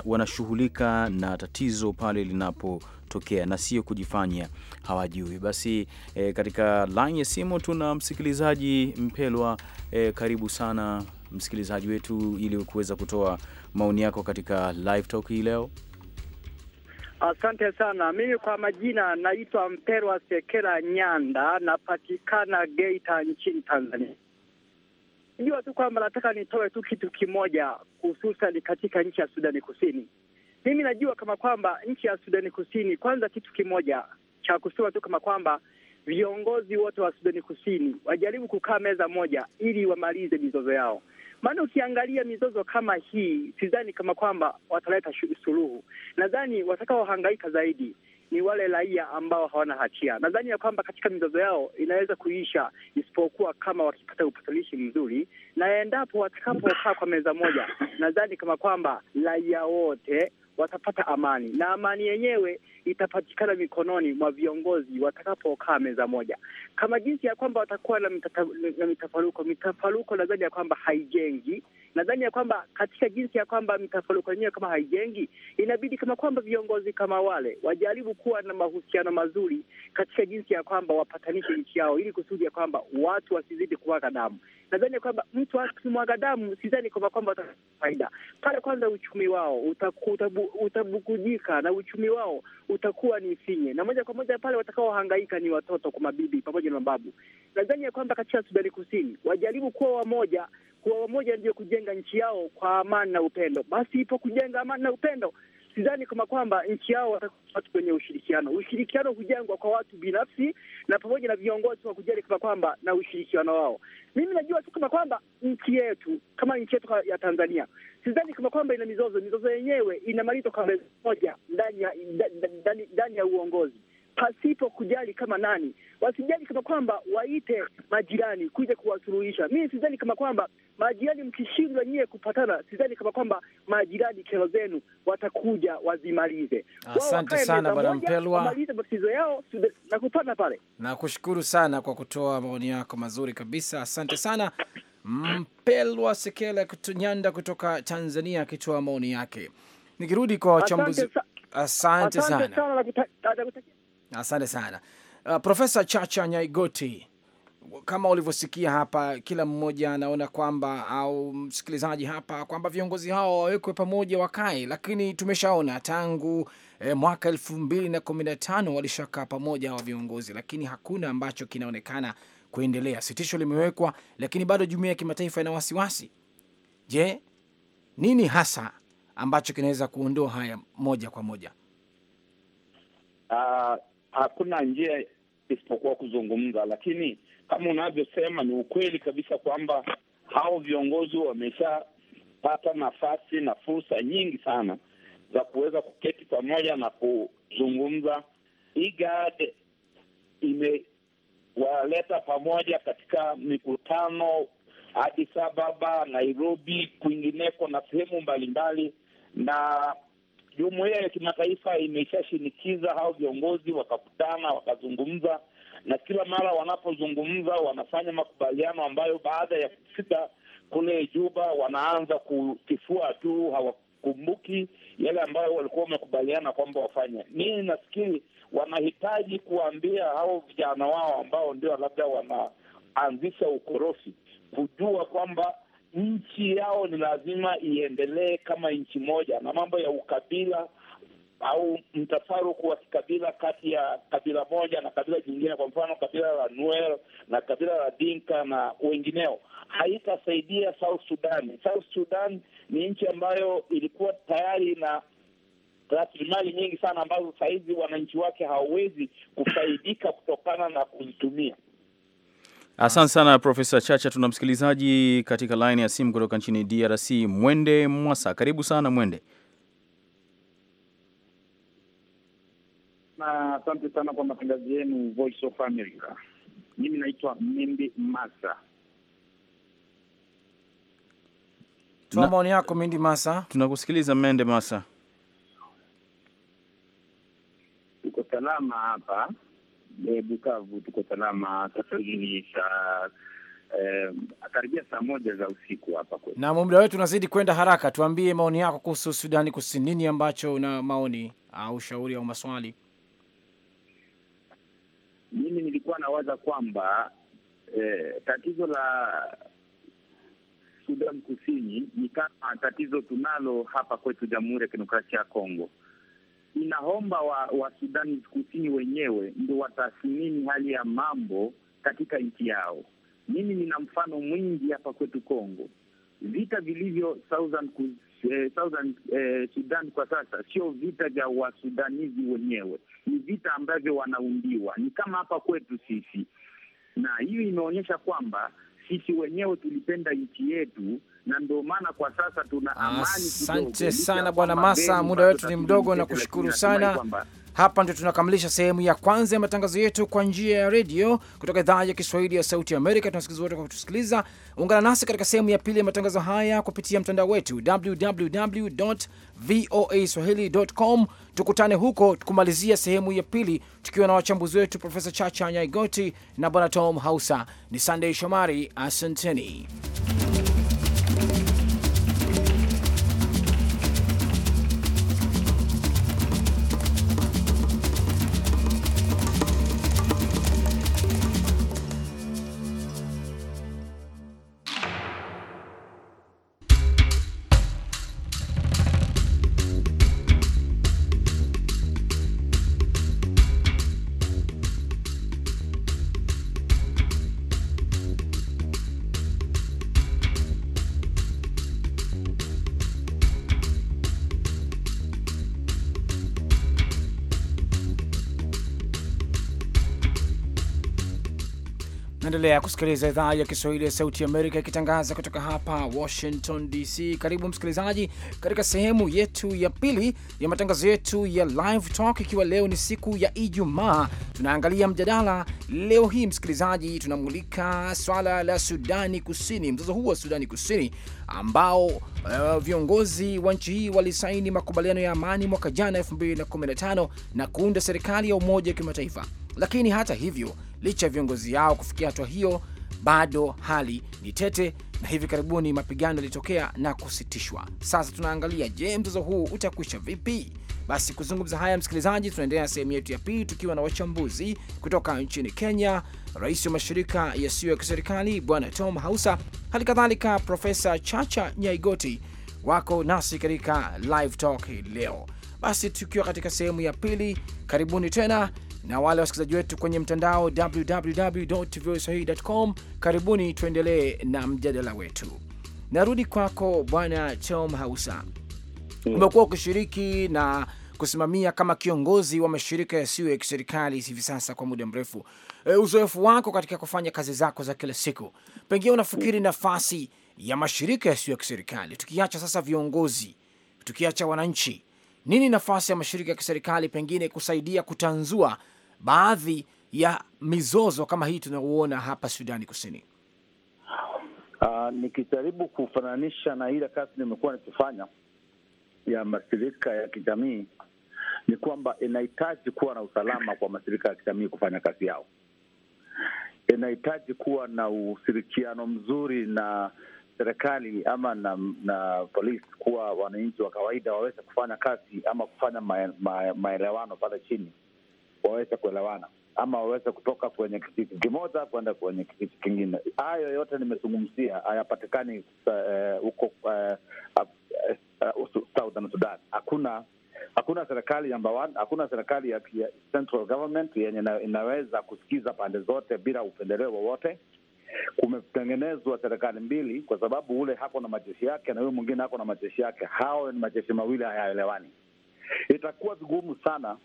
wanashughulika na tatizo pale linapo yanayotokea na sio kujifanya hawajui. Basi e, katika laini ya simu tuna msikilizaji Mpelwa. E, eh, karibu sana msikilizaji wetu ili kuweza kutoa maoni yako katika live talk hii leo. Asante sana. Mimi kwa majina naitwa mpelwa Sekela Nyanda, napatikana Geita nchini Tanzania. Najua tu kwamba nataka nitoe tu kitu kimoja, hususan katika nchi ya Sudani Kusini. Mimi najua kama kwamba nchi ya Sudani Kusini, kwanza kitu kimoja cha kusema tu kama kwamba viongozi wote wa Sudani Kusini wajaribu kukaa meza moja ili wamalize mizozo yao, maana ukiangalia mizozo kama hii, sidhani kama kwamba wataleta suluhu. Nadhani watakaohangaika zaidi ni wale raia ambao hawana hatia. Nadhani ya kwamba katika mizozo yao inaweza kuisha, isipokuwa kama wakipata upatanishi mzuri, na endapo watakapokaa kwa meza moja, nadhani kama kwamba raia wote watapata amani, na amani yenyewe itapatikana mikononi mwa viongozi watakapokaa meza moja, kama jinsi ya kwamba watakuwa na, mitafaruko. Mitafaruko nadhani ya kwamba haijengi nadhani ya kwamba katika jinsi ya kwamba mitafaruku yenyewe kama haijengi, inabidi kama kwamba viongozi kama wale wajaribu kuwa na mahusiano mazuri katika jinsi ya kwamba wapatanishe nchi yao, ili kusudi ya kwamba watu wasizidi kumwaga damu. Nadhani ya kwamba mtu akimwaga damu, sidhani kwamba kwamba faida pale. Kwanza uchumi wao utaku, utabukujika na uchumi wao utakuwa ni finye, na moja kwa moja pale watakaohangaika ni watoto kwa mabibi pamoja na mababu. Nadhani ya kwamba katika Sudani Kusini wajaribu kuwa wamoja, kuwa wamoja ndio kujenga kujenga nchi yao kwa amani na upendo. Basi ipo kujenga amani na upendo, sidhani kama kwamba nchi yao watu kwenye ushirikiano. Ushirikiano hujengwa kwa watu binafsi na pamoja na viongozi wa kujali kama kwamba na ushirikiano wao. Mimi najua tu kama kwamba nchi yetu kama nchi yetu ya Tanzania, sidhani kama kwamba ina mizozo. Mizozo yenyewe inamalizwa kwa meza moja ndani ya uongozi pasipo kujali kama nani, wasijali kama kwamba waite majirani kuja kuwasuluhisha. Mimi sidhani kama kwamba majirani, mkishindwa nyie kupatana, sidhani kama kwamba majirani kero zenu watakuja wazimalize. Asante sana Bwana Mpelwa, wamalize matatizo yao na kupana pale. Nakushukuru sana kwa kutoa maoni yako mazuri kabisa, asante sana. Mpelwa Sekela nyanda kutoka Tanzania akitoa maoni yake. Nikirudi kwa wachambuzi, asante, asante sana, sana. Asante sana uh, ah, Profesa Chacha Nyaigoti. Kama ulivyosikia hapa, kila mmoja anaona kwamba au msikilizaji hapa kwamba viongozi hao wawekwe pamoja wakae, lakini tumeshaona tangu eh, mwaka elfu mbili na kumi na tano walishakaa pamoja hawa viongozi, lakini hakuna ambacho kinaonekana kuendelea. Sitisho limewekwa, lakini bado jumuiya ya kimataifa ina wasiwasi. Je, nini hasa ambacho kinaweza kuondoa haya moja kwa moja? Uh, hakuna njia isipokuwa kuzungumza, lakini kama unavyosema ni ukweli kabisa kwamba hao viongozi wameshapata nafasi na fursa nyingi sana za kuweza kuketi pamoja na kuzungumza. IGAD imewaleta pamoja katika mikutano Addis Ababa, Nairobi, kwingineko na sehemu mbalimbali, na jumuia ya kimataifa imeshashinikiza hao viongozi wakakutana, wakazungumza, na kila mara wanapozungumza wanafanya makubaliano ambayo baada ya kufika kule Juba wanaanza kutifua tu, hawakumbuki yale ambayo walikuwa wamekubaliana kwamba wafanye. mii nafikiri wanahitaji kuwaambia hao vijana wao ambao ndio labda wanaanzisha ukorofi, kujua kwamba nchi yao ni lazima iendelee kama nchi moja, na mambo ya ukabila au mtafaruku wa kikabila kati ya kabila moja na kabila jingine, kwa mfano kabila la Nuer na kabila la Dinka na wengineo, haitasaidia South Sudan. South Sudan ni nchi ambayo ilikuwa tayari na rasilimali nyingi sana ambazo sahizi wananchi wake hawawezi kufaidika kutokana na kuzitumia. Asante sana Profesa Chacha. Tuna msikilizaji katika laini ya simu kutoka nchini DRC, Mwende Mwasa. Karibu sana Mwende. Asante sana kwa matangazo yenu Voice of America. Mimi naitwa Mindi Masa. Tuna maoni yako Mindi Masa, tunakusikiliza Mende Masa. Tuko salama hapa e, Bukavu tuko salama sasa saa e, karibia saa moja za usiku hapa kwetu, na muda wetu unazidi kwenda haraka. Tuambie maoni yako kuhusu Sudani Kusini, nini ambacho una maoni au shauri au maswali? Mimi nilikuwa nawaza kwamba e, tatizo la Sudan Kusini ni kama tatizo tunalo hapa kwetu Jamhuri ya Kidemokrasia ya Kongo inaomba wa, wa Sudani Kusini wenyewe ndio watathmini hali ya mambo katika nchi yao. Mimi nina mfano mwingi hapa kwetu Kongo, vita vilivyo Southern, eh, Southern eh, Sudan kwa sasa sio vita vya wasudanizi wenyewe, ni vita ambavyo wanaundiwa, ni kama hapa kwetu sisi, na hiyo imeonyesha kwamba sisi wenyewe tulipenda nchi yetu na ndio maana kwa sasa tuna ah, amani. Asante sana Bwana Masa, muda wetu ni mdogo na kushukuru sana. Hapa ndio tunakamilisha sehemu ya kwanza ya matangazo yetu kwa njia ya redio kutoka idhaa ya Kiswahili ya Sauti Amerika. Tunasikiliza wote kwa kutusikiliza. Ungana nasi katika sehemu ya pili ya matangazo haya kupitia mtandao wetu www voa swahili.com. Tukutane huko kumalizia sehemu ya pili tukiwa na wachambuzi wetu Profesa Chacha Nyaigoti na Bwana Tom Hausa. Ni Sandey Shomari, asanteni. Unaendelea kusikiliza idhaa ya Kiswahili ya Sauti Amerika ikitangaza kutoka hapa Washington DC. Karibu msikilizaji, katika sehemu yetu ya pili ya matangazo yetu ya Live Talk, ikiwa leo ni siku ya Ijumaa, tunaangalia mjadala. Leo hii msikilizaji, tunamulika swala la Sudani Kusini, mzozo huu wa Sudani Kusini ambao uh, viongozi wa nchi hii walisaini makubaliano ya amani mwaka jana 2015 na kuunda serikali ya umoja wa kimataifa, lakini hata hivyo Licha ya viongozi yao kufikia hatua hiyo, bado hali ni tete, na hivi karibuni mapigano yalitokea na kusitishwa. Sasa tunaangalia, je, mzozo huu utakwisha vipi? Basi kuzungumza haya, msikilizaji, tunaendelea na sehemu yetu ya pili tukiwa na wachambuzi kutoka nchini Kenya, rais wa mashirika yasiyo ya kiserikali Bwana Tom Hausa, hali kadhalika Profesa Chacha Nyaigoti wako nasi katika live talk hii leo. Basi tukiwa katika sehemu ya pili, karibuni tena na wale wasikilizaji wetu kwenye mtandao www.voaswahili.com. Karibuni, tuendelee na mjadala wetu. Narudi kwako Bwana Chom Hausa, mm. umekuwa ukishiriki na kusimamia kama kiongozi wa mashirika yasiyo ya kiserikali hivi sasa kwa muda mrefu. E, uzoefu wako katika kufanya kazi zako za kila siku, pengine unafikiri mm. nafasi ya mashirika yasiyo ya kiserikali, tukiacha sasa viongozi, tukiacha wananchi nini nafasi ya mashirika ya kiserikali pengine kusaidia kutanzua baadhi ya mizozo kama hii tunayouona hapa Sudani Kusini? Uh, nikijaribu kufananisha na ile kazi nimekuwa nikifanya ya mashirika ya kijamii ni kwamba inahitaji kuwa na usalama kwa mashirika ya kijamii kufanya kazi yao. Inahitaji kuwa na ushirikiano mzuri na serikali ama na, na polisi kuwa wananchi wa kawaida waweze kufanya kazi ama kufanya maelewano pale chini, waweze kuelewana ama waweze kutoka kwenye kijiji kimoja kwenda kwenye kijiji kingine. Hayo yote nimezungumzia hayapatikani eh, huko uh, uh, uh, uh, Southern Sudan. Hakuna hakuna serikali namba one, hakuna serikali ya central government yenye inaweza kusikiza pande zote bila upendeleo wowote kumetengenezwa serikali mbili, kwa sababu ule hako na majeshi yake na huyo mwingine hako na majeshi yake. Hao ni majeshi mawili hayaelewani. Itakuwa vigumu sana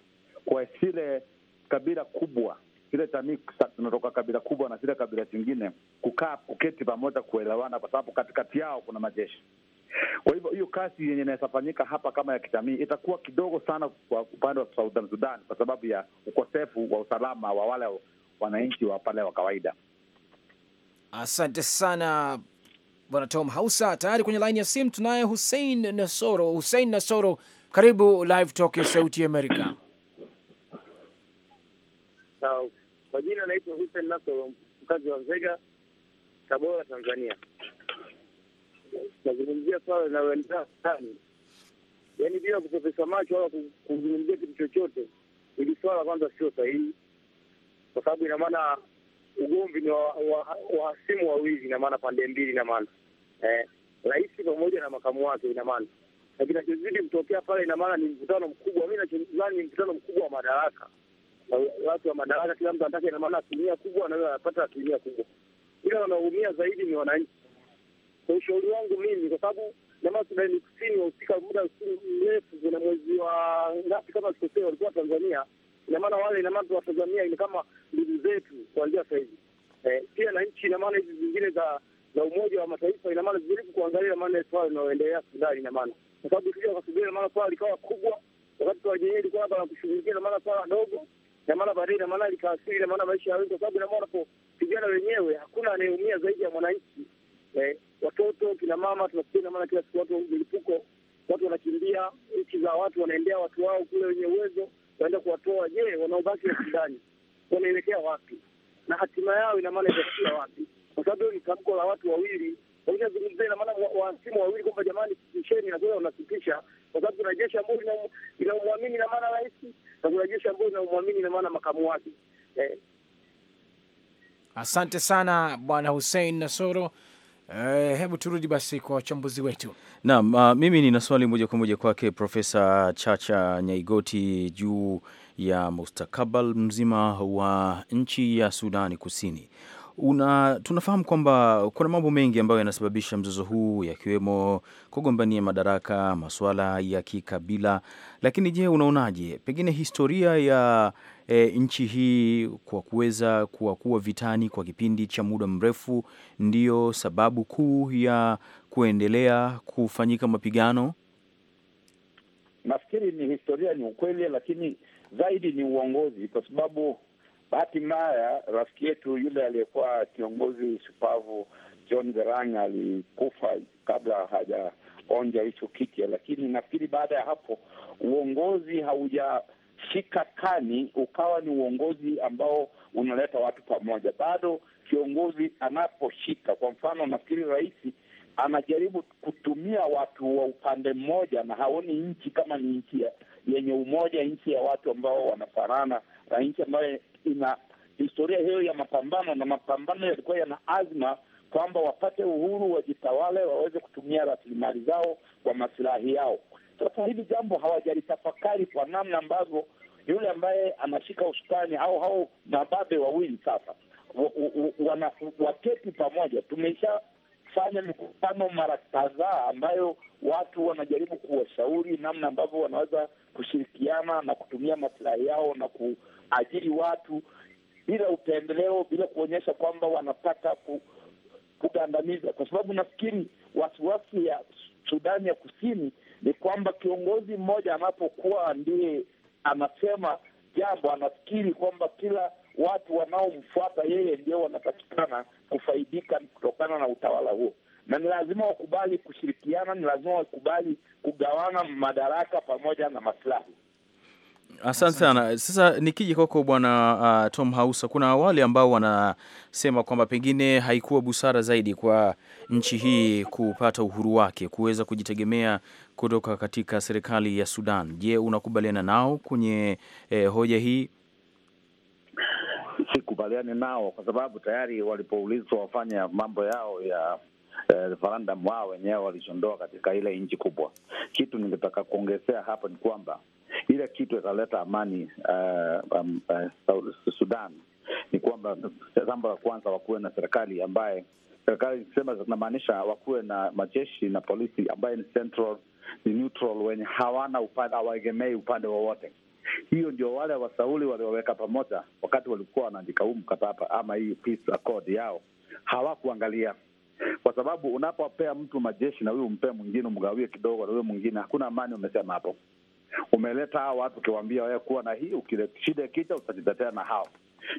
kwa zile kabila kubwa, zile jamii zinatoka kabila kubwa na zile kabila zingine kukaa kuketi pamoja kuelewana, kwa sababu katikati yao kuna majeshi. Kwa hivyo hiyo kazi yenye inaweza fanyika hapa kama ya kijamii itakuwa kidogo sana kwa upande wa Southern Sudan, kwa sababu ya ukosefu wa usalama wa wale wananchi wa pale wa kawaida. Asante sana bwana Tom Hausa. Tayari kwenye laini ya simu tunaye Hussein Nasoro. Hussein Nasoro, karibu Live Talk ya Sauti ya Amerika. Kwa jina naitwa Hussein Nasoro, mkazi wa Nzega, Tabora, Tanzania. Nazungumzia swala linaloendelea ndani, yaani bila kupepesa macho wala kuzungumzia kitu chochote, ili swala kwanza sio sahihi, kwa sababu ina maana ugomvi ni wahasimu wa, wa wawili, ina maana pande mbili, ina maana eh, rais pamoja na makamu wake, ina maana na kinachozidi kutokea pale, ina maana ni mkutano mkubwa. Mi nachodhani ni mkutano mkubwa wa madaraka, watu wa madaraka, kila mtu anataka, ina maana asilimia kubwa, na anapata asilimia kubwa, ila wanaumia zaidi ni wananchi. Kwa ushauri wangu mimi, kwa sababu jamaa Sudani Kusini wahusika muda mrefu, kuna mwezi wa ngapi kama sikosea, walikuwa Tanzania ina maana wale, ina maana tuwatazamia ni kama ndugu zetu kuanzia sasa hivi eh, pia na nchi, ina maana hizi zingine za za Umoja wa Mataifa, ina maana zijaribu kuangalia, ina maana swala linaloendelea Sudani, ina maana kwa sababu kile wakasubiri, ina maana swala likawa kubwa, wakati kwa wenyewe ilikuwa labda nakushughulikia, ina maana swala dogo, ina maana baadaye, ina maana likaasiri, ina maana maisha ya wengi, kwa sababu ina maana kwa vijana wenyewe hakuna anayeumia zaidi ya mwananchi eh, watoto, kina mama, tunasikia ina maana kila siku watu milipuko, watu wanakimbia nchi za watu, wanaendea watu wao kule wenye uwezo waende kuwatoa. Je, wanaobaki ndani wanaelekea wapi na hatima yao ina maana itafikia wapi? Kwa sababu hiyo ni tamko la watu wawili walishazungumzia, ina maana wahasimu wawili kwamba jamani, sitisheni na wanasitisha, kwa sababu kuna jeshi ambayo inamwamini ina maana rais na kuna jeshi ambayo inamwamini ina maana makamu wake eh. Asante sana Bwana Hussein Nasoro. Uh, hebu turudi basi kwa wachambuzi wetu. Naam, uh, mimi nina swali moja kwa moja kwake Profesa Chacha Nyaigoti juu ya mustakabali mzima wa nchi ya Sudani Kusini una, tunafahamu kwamba kuna mambo mengi ambayo yanasababisha mzozo huu yakiwemo kugombania madaraka, masuala ya kikabila, lakini je, unaonaje pengine historia ya e, nchi hii kwa kuweza kuwa vitani kwa kipindi cha muda mrefu ndiyo sababu kuu ya kuendelea kufanyika mapigano? Nafikiri ni historia, ni ukweli, lakini zaidi ni uongozi, kwa sababu Bahati mbaya rafiki yetu yule aliyekuwa kiongozi shupavu John Garang alikufa kabla hajaonja hicho kiti, lakini nafikiri baada ya hapo uongozi haujashika kani, ukawa ni uongozi ambao unaleta watu pamoja. Bado kiongozi anaposhika, kwa mfano, nafikiri rais anajaribu kutumia watu wa upande mmoja na haoni nchi kama ni nchi yenye umoja, nchi ya watu ambao wanafanana na nchi ambayo ina historia hiyo ya mapambano, na mapambano yalikuwa yana azma kwamba wapate uhuru, wajitawale, waweze kutumia rasilimali zao kwa masilahi yao. Sasa hili jambo hawajalitafakari kwa namna ambavyo yule ambaye anashika usukani au hao mababe wawili sasa waketi pamoja. Tumeshafanya mikutano mara kadhaa ambayo watu wanajaribu kuwashauri namna ambavyo wanaweza kushirikiana na kutumia masilahi yao na ku ajiri watu bila upendeleo, bila kuonyesha kwamba wanataka kugandamiza, kwa sababu nafikiri wasiwasi ya Sudani ya Kusini ni kwamba kiongozi mmoja anapokuwa ndiye anasema jambo, anafikiri kwamba kila watu wanaomfuata yeye ndio wanapatikana kufaidika kutokana na utawala huo, na ni lazima wakubali kushirikiana, ni lazima wakubali kugawana madaraka pamoja na maslahi. Asante sana. Sasa nikija kwako bwana uh, Tom Hausa, kuna wale ambao wanasema kwamba pengine haikuwa busara zaidi kwa nchi hii kupata uhuru wake kuweza kujitegemea kutoka katika serikali ya Sudan. Je, unakubaliana nao kwenye eh, hoja hii? Sikubaliani nao kwa sababu tayari walipoulizwa wafanya mambo yao ya eh, referendum, wao wenyewe walichondoa katika ile nchi kubwa. Kitu ningetaka kuongezea hapo ni kwamba ile kitu italeta amani uh, um, uh, Sudan ni kwamba jambo la kwanza wakuwe na serikali ambaye serikali ikisema zinamaanisha wakuwe na majeshi na polisi ambaye ni central, ni neutral, wenye hawana upande, hawaegemei upande wowote. Hiyo ndio wale wasauli walioweka pamoja wakati walikuwa wanaandika huu mkataba ama hii peace accord yao, hawakuangalia kwa sababu unapopea mtu majeshi na huyu umpee mwingine, umgawie kidogo na huyo mwingine, hakuna amani. Umesema hapo umeleta hao watu ukiwaambia wewe kuwa na hii, shida kicha utajitetea na hao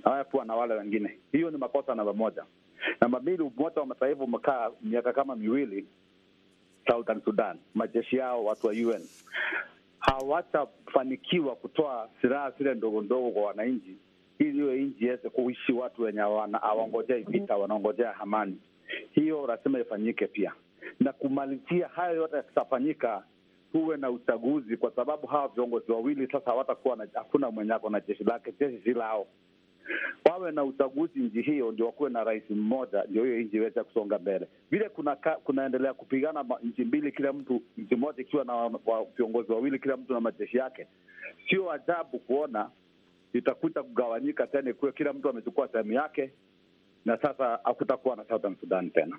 na wewe kuwa na wale wengine. Hiyo ni makosa namba moja. Namba mbili, Umoja wa Mataifa umekaa miaka kama miwili Southern Sudan, majeshi yao, watu wa UN hawatafanikiwa kutoa silaha zile ndogo ndogo kwa wananchi, ili hiyo nchi iweze kuishi. Watu wenye hawangojea mhm. vita, wanaongojea amani. Hiyo lazima ifanyike pia na kumalizia. Hayo yote yakishafanyika, kuwe na uchaguzi, kwa sababu hawa viongozi wawili sasa hawatakuwa, hakuna mwenye ako na jeshi lake, jeshi si lao. Wawe na uchaguzi nchi hiyo, ndio wakuwe na rais mmoja, ndio hiyo nchi iweze kusonga mbele. Vile kuna kunaendelea kupigana nchi mbili, kila mtu nchi moja ikiwa na viongozi wawili, kila mtu na majeshi yake, sio ajabu kuona itakuja kugawanyika tena, ikuwe kila mtu amechukua sehemu yake, na sasa hakutakuwa na Southern Sudan tena.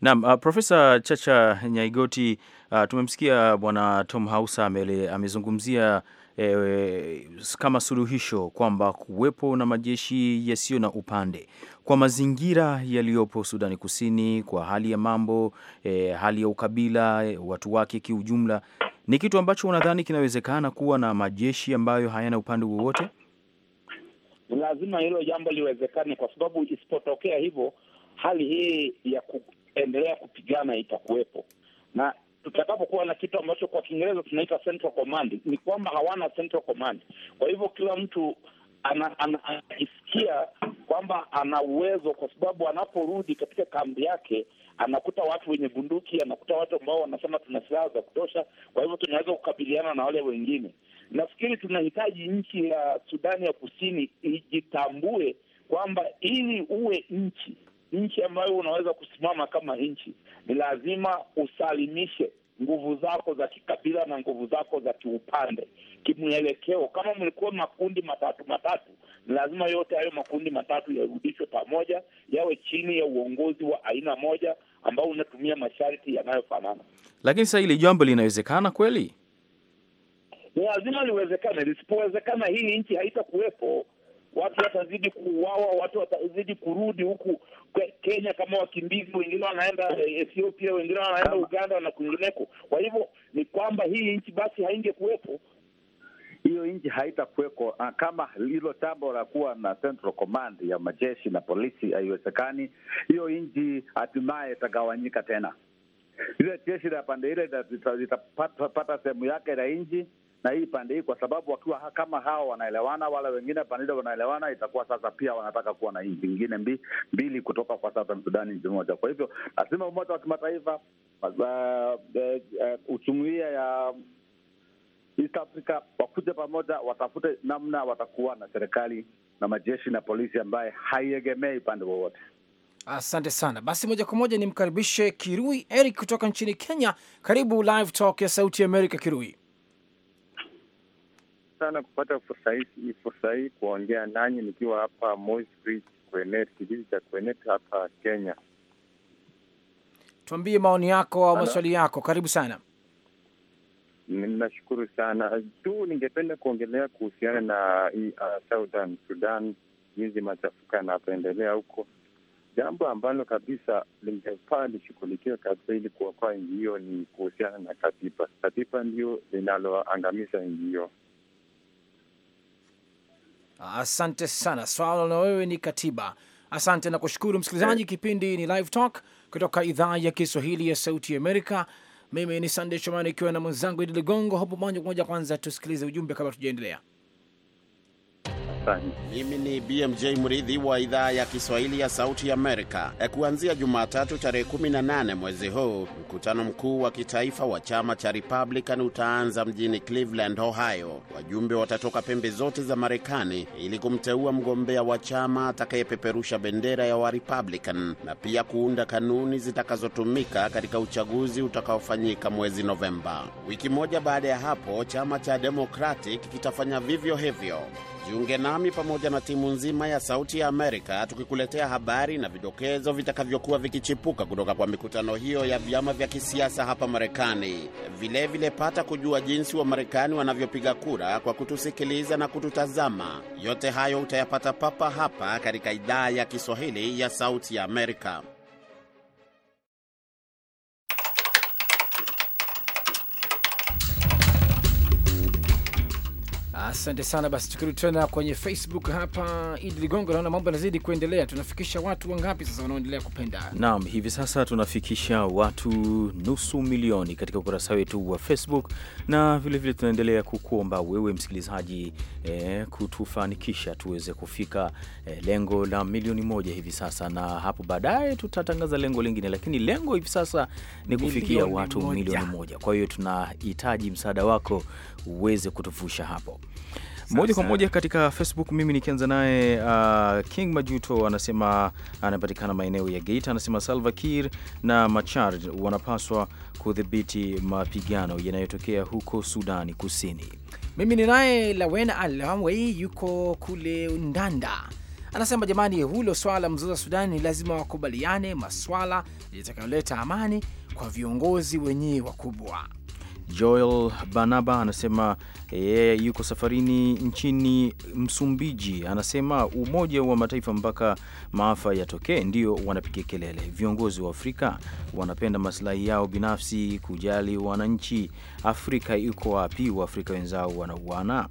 Naam, uh, Profesa Chacha Nyaigoti, uh, tumemsikia Bwana Tom Hausa amezungumzia E, kama suluhisho kwamba kuwepo na majeshi yasiyo na upande kwa mazingira yaliyopo Sudani Kusini, kwa hali ya mambo e, hali ya ukabila, watu wake kiujumla, ni kitu ambacho unadhani kinawezekana kuwa na majeshi ambayo hayana upande wowote? Lazima hilo jambo liwezekane, kwa sababu isipotokea hivyo hali hii ya tutaendelea kupigana, itakuwepo na tutakapokuwa na kitu ambacho kwa Kiingereza tunaita central command, ni kwamba hawana central command. Kwa hivyo kila mtu anajisikia ana, ana, kwamba ana uwezo, kwa sababu anaporudi katika kambi yake anakuta watu wenye bunduki, anakuta watu ambao wanasema tuna silaha za kutosha, kwa hivyo tunaweza kukabiliana na wale wengine. Nafikiri tunahitaji nchi ya Sudani ya Kusini ijitambue kwamba ili uwe nchi nchi ambayo unaweza kusimama kama nchi, ni lazima usalimishe nguvu zako za kikabila na nguvu zako za kiupande, kimwelekeo. Kama mlikuwa makundi matatu matatu, ni lazima yote hayo makundi matatu yarudishwe pamoja, yawe chini ya uongozi wa aina moja ambao unatumia masharti yanayofanana. Lakini sasa hili jambo linawezekana kweli? Ni lazima liwezekane. Lisipowezekana, hii nchi haitakuwepo watu watazidi kuuawa, watu watazidi kurudi huku Kenya kama wakimbizi, wengine wanaenda eh, Ethiopia, wengine wanaenda Uganda na kwingineko. Kwa hivyo ni kwamba hii nchi basi haingekuwepo hiyo nchi haitakuweko ah, kama hilo tambo la kuwa na Central Command ya majeshi na polisi. Haiwezekani hiyo nchi hatimaye itagawanyika tena, ile jeshi la pande ile litapata sehemu yake la nchi na hii pande hii, kwa sababu wakiwa kama hawa wanaelewana, wala wengine pande ile wanaelewana, itakuwa sasa pia wanataka kuwa na nchi nyingine mbi, mbili kutoka kwa sasa Sudani nchi moja. Kwa hivyo lazima umoja wa kimataifa uh, uh, jumuia ya East Africa pamoja, watafute namna watakuwa na serikali na majeshi na polisi ambaye haiegemei upande wowote. Asante sana. Basi moja kwa moja nimkaribishe Kirui Eric kutoka nchini Kenya. Karibu Live Talk ya Sauti ya Amerika, Kirui sana kupata fursa hii fursa hii kuongea nanyi nikiwa hapa Moi's Bridge, Kwenet, kijiji cha Kwenet hapa Kenya. Tuambie maoni yako au maswali yako, karibu sana. Nashukuru sana tu, ningependa kuongelea kuhusiana na uh, Southern Sudan, jinsi machafuko yanapoendelea huko, jambo ambalo kabisa lingefaa lishughulikiwe kabisa ili kuokoa nchi hiyo ni kuhusiana na katiba. Katiba ndio linaloangamiza nchi hiyo. Asante sana, swala na wewe ni katiba. Asante na kushukuru msikilizaji. Kipindi ni Live Talk kutoka idhaa ya Kiswahili ya Sauti Amerika. Mimi ni Sandey Shomani ikiwa na mwenzangu Idi Ligongo hapo moja kwa moja. Kwanza tusikilize ujumbe kabla tujaendelea sana. Mimi ni BMJ Mridhi wa idhaa ya Kiswahili ya Sauti ya Amerika. E, kuanzia Jumatatu tarehe 18 mwezi huu, mkutano mkuu wa kitaifa wa chama cha Republican utaanza mjini Cleveland, Ohio. Wajumbe watatoka pembe zote za Marekani ili kumteua mgombea wa chama atakayepeperusha bendera ya wa na pia kuunda kanuni zitakazotumika katika uchaguzi utakaofanyika mwezi Novemba. Wiki moja baada ya hapo, chama cha Democratic kitafanya vivyo hivyo. Jiunge nami pamoja na timu nzima ya Sauti ya Amerika tukikuletea habari na vidokezo vitakavyokuwa vikichipuka kutoka kwa mikutano hiyo ya vyama vya kisiasa hapa Marekani. Vilevile pata kujua jinsi Wamarekani wanavyopiga kura kwa kutusikiliza na kututazama. Yote hayo utayapata papa hapa katika idhaa ya Kiswahili ya Sauti ya Amerika. Asante sana. Basi tukirudi tena kwenye Facebook hapa, Idi Ligongo, naona mambo yanazidi kuendelea. Tunafikisha watu wangapi sasa wanaoendelea kupenda? Naam, hivi sasa tunafikisha watu nusu milioni katika ukurasa wetu wa Facebook, na vilevile vile tunaendelea kukuomba wewe msikilizaji eh, kutufanikisha tuweze kufika eh, lengo la milioni moja hivi sasa, na hapo baadaye tutatangaza lengo lingine, lakini lengo hivi sasa ni kufikia milioni watu moja, milioni moja. Kwa hiyo tunahitaji msaada wako uweze kutuvusha hapo moja kwa moja katika Facebook. Mimi nikianza naye uh, King Majuto anasema anapatikana maeneo ya Geita, anasema Salva Kiir na Machar wanapaswa kudhibiti mapigano yanayotokea huko Sudani Kusini. Mimi ni naye Lawena Alamwei, yuko kule Ndanda, anasema jamani, hulo swala la mzozo wa Sudani ni lazima wakubaliane maswala yatakayoleta amani kwa viongozi wenyewe wakubwa. Joel Banaba anasema yeye yuko safarini nchini Msumbiji. Anasema Umoja wa Mataifa mpaka maafa yatokee ndio wanapiga kelele. Viongozi wa Afrika wanapenda maslahi yao binafsi, kujali wananchi. Afrika iko wapi? Waafrika wenzao wanauana.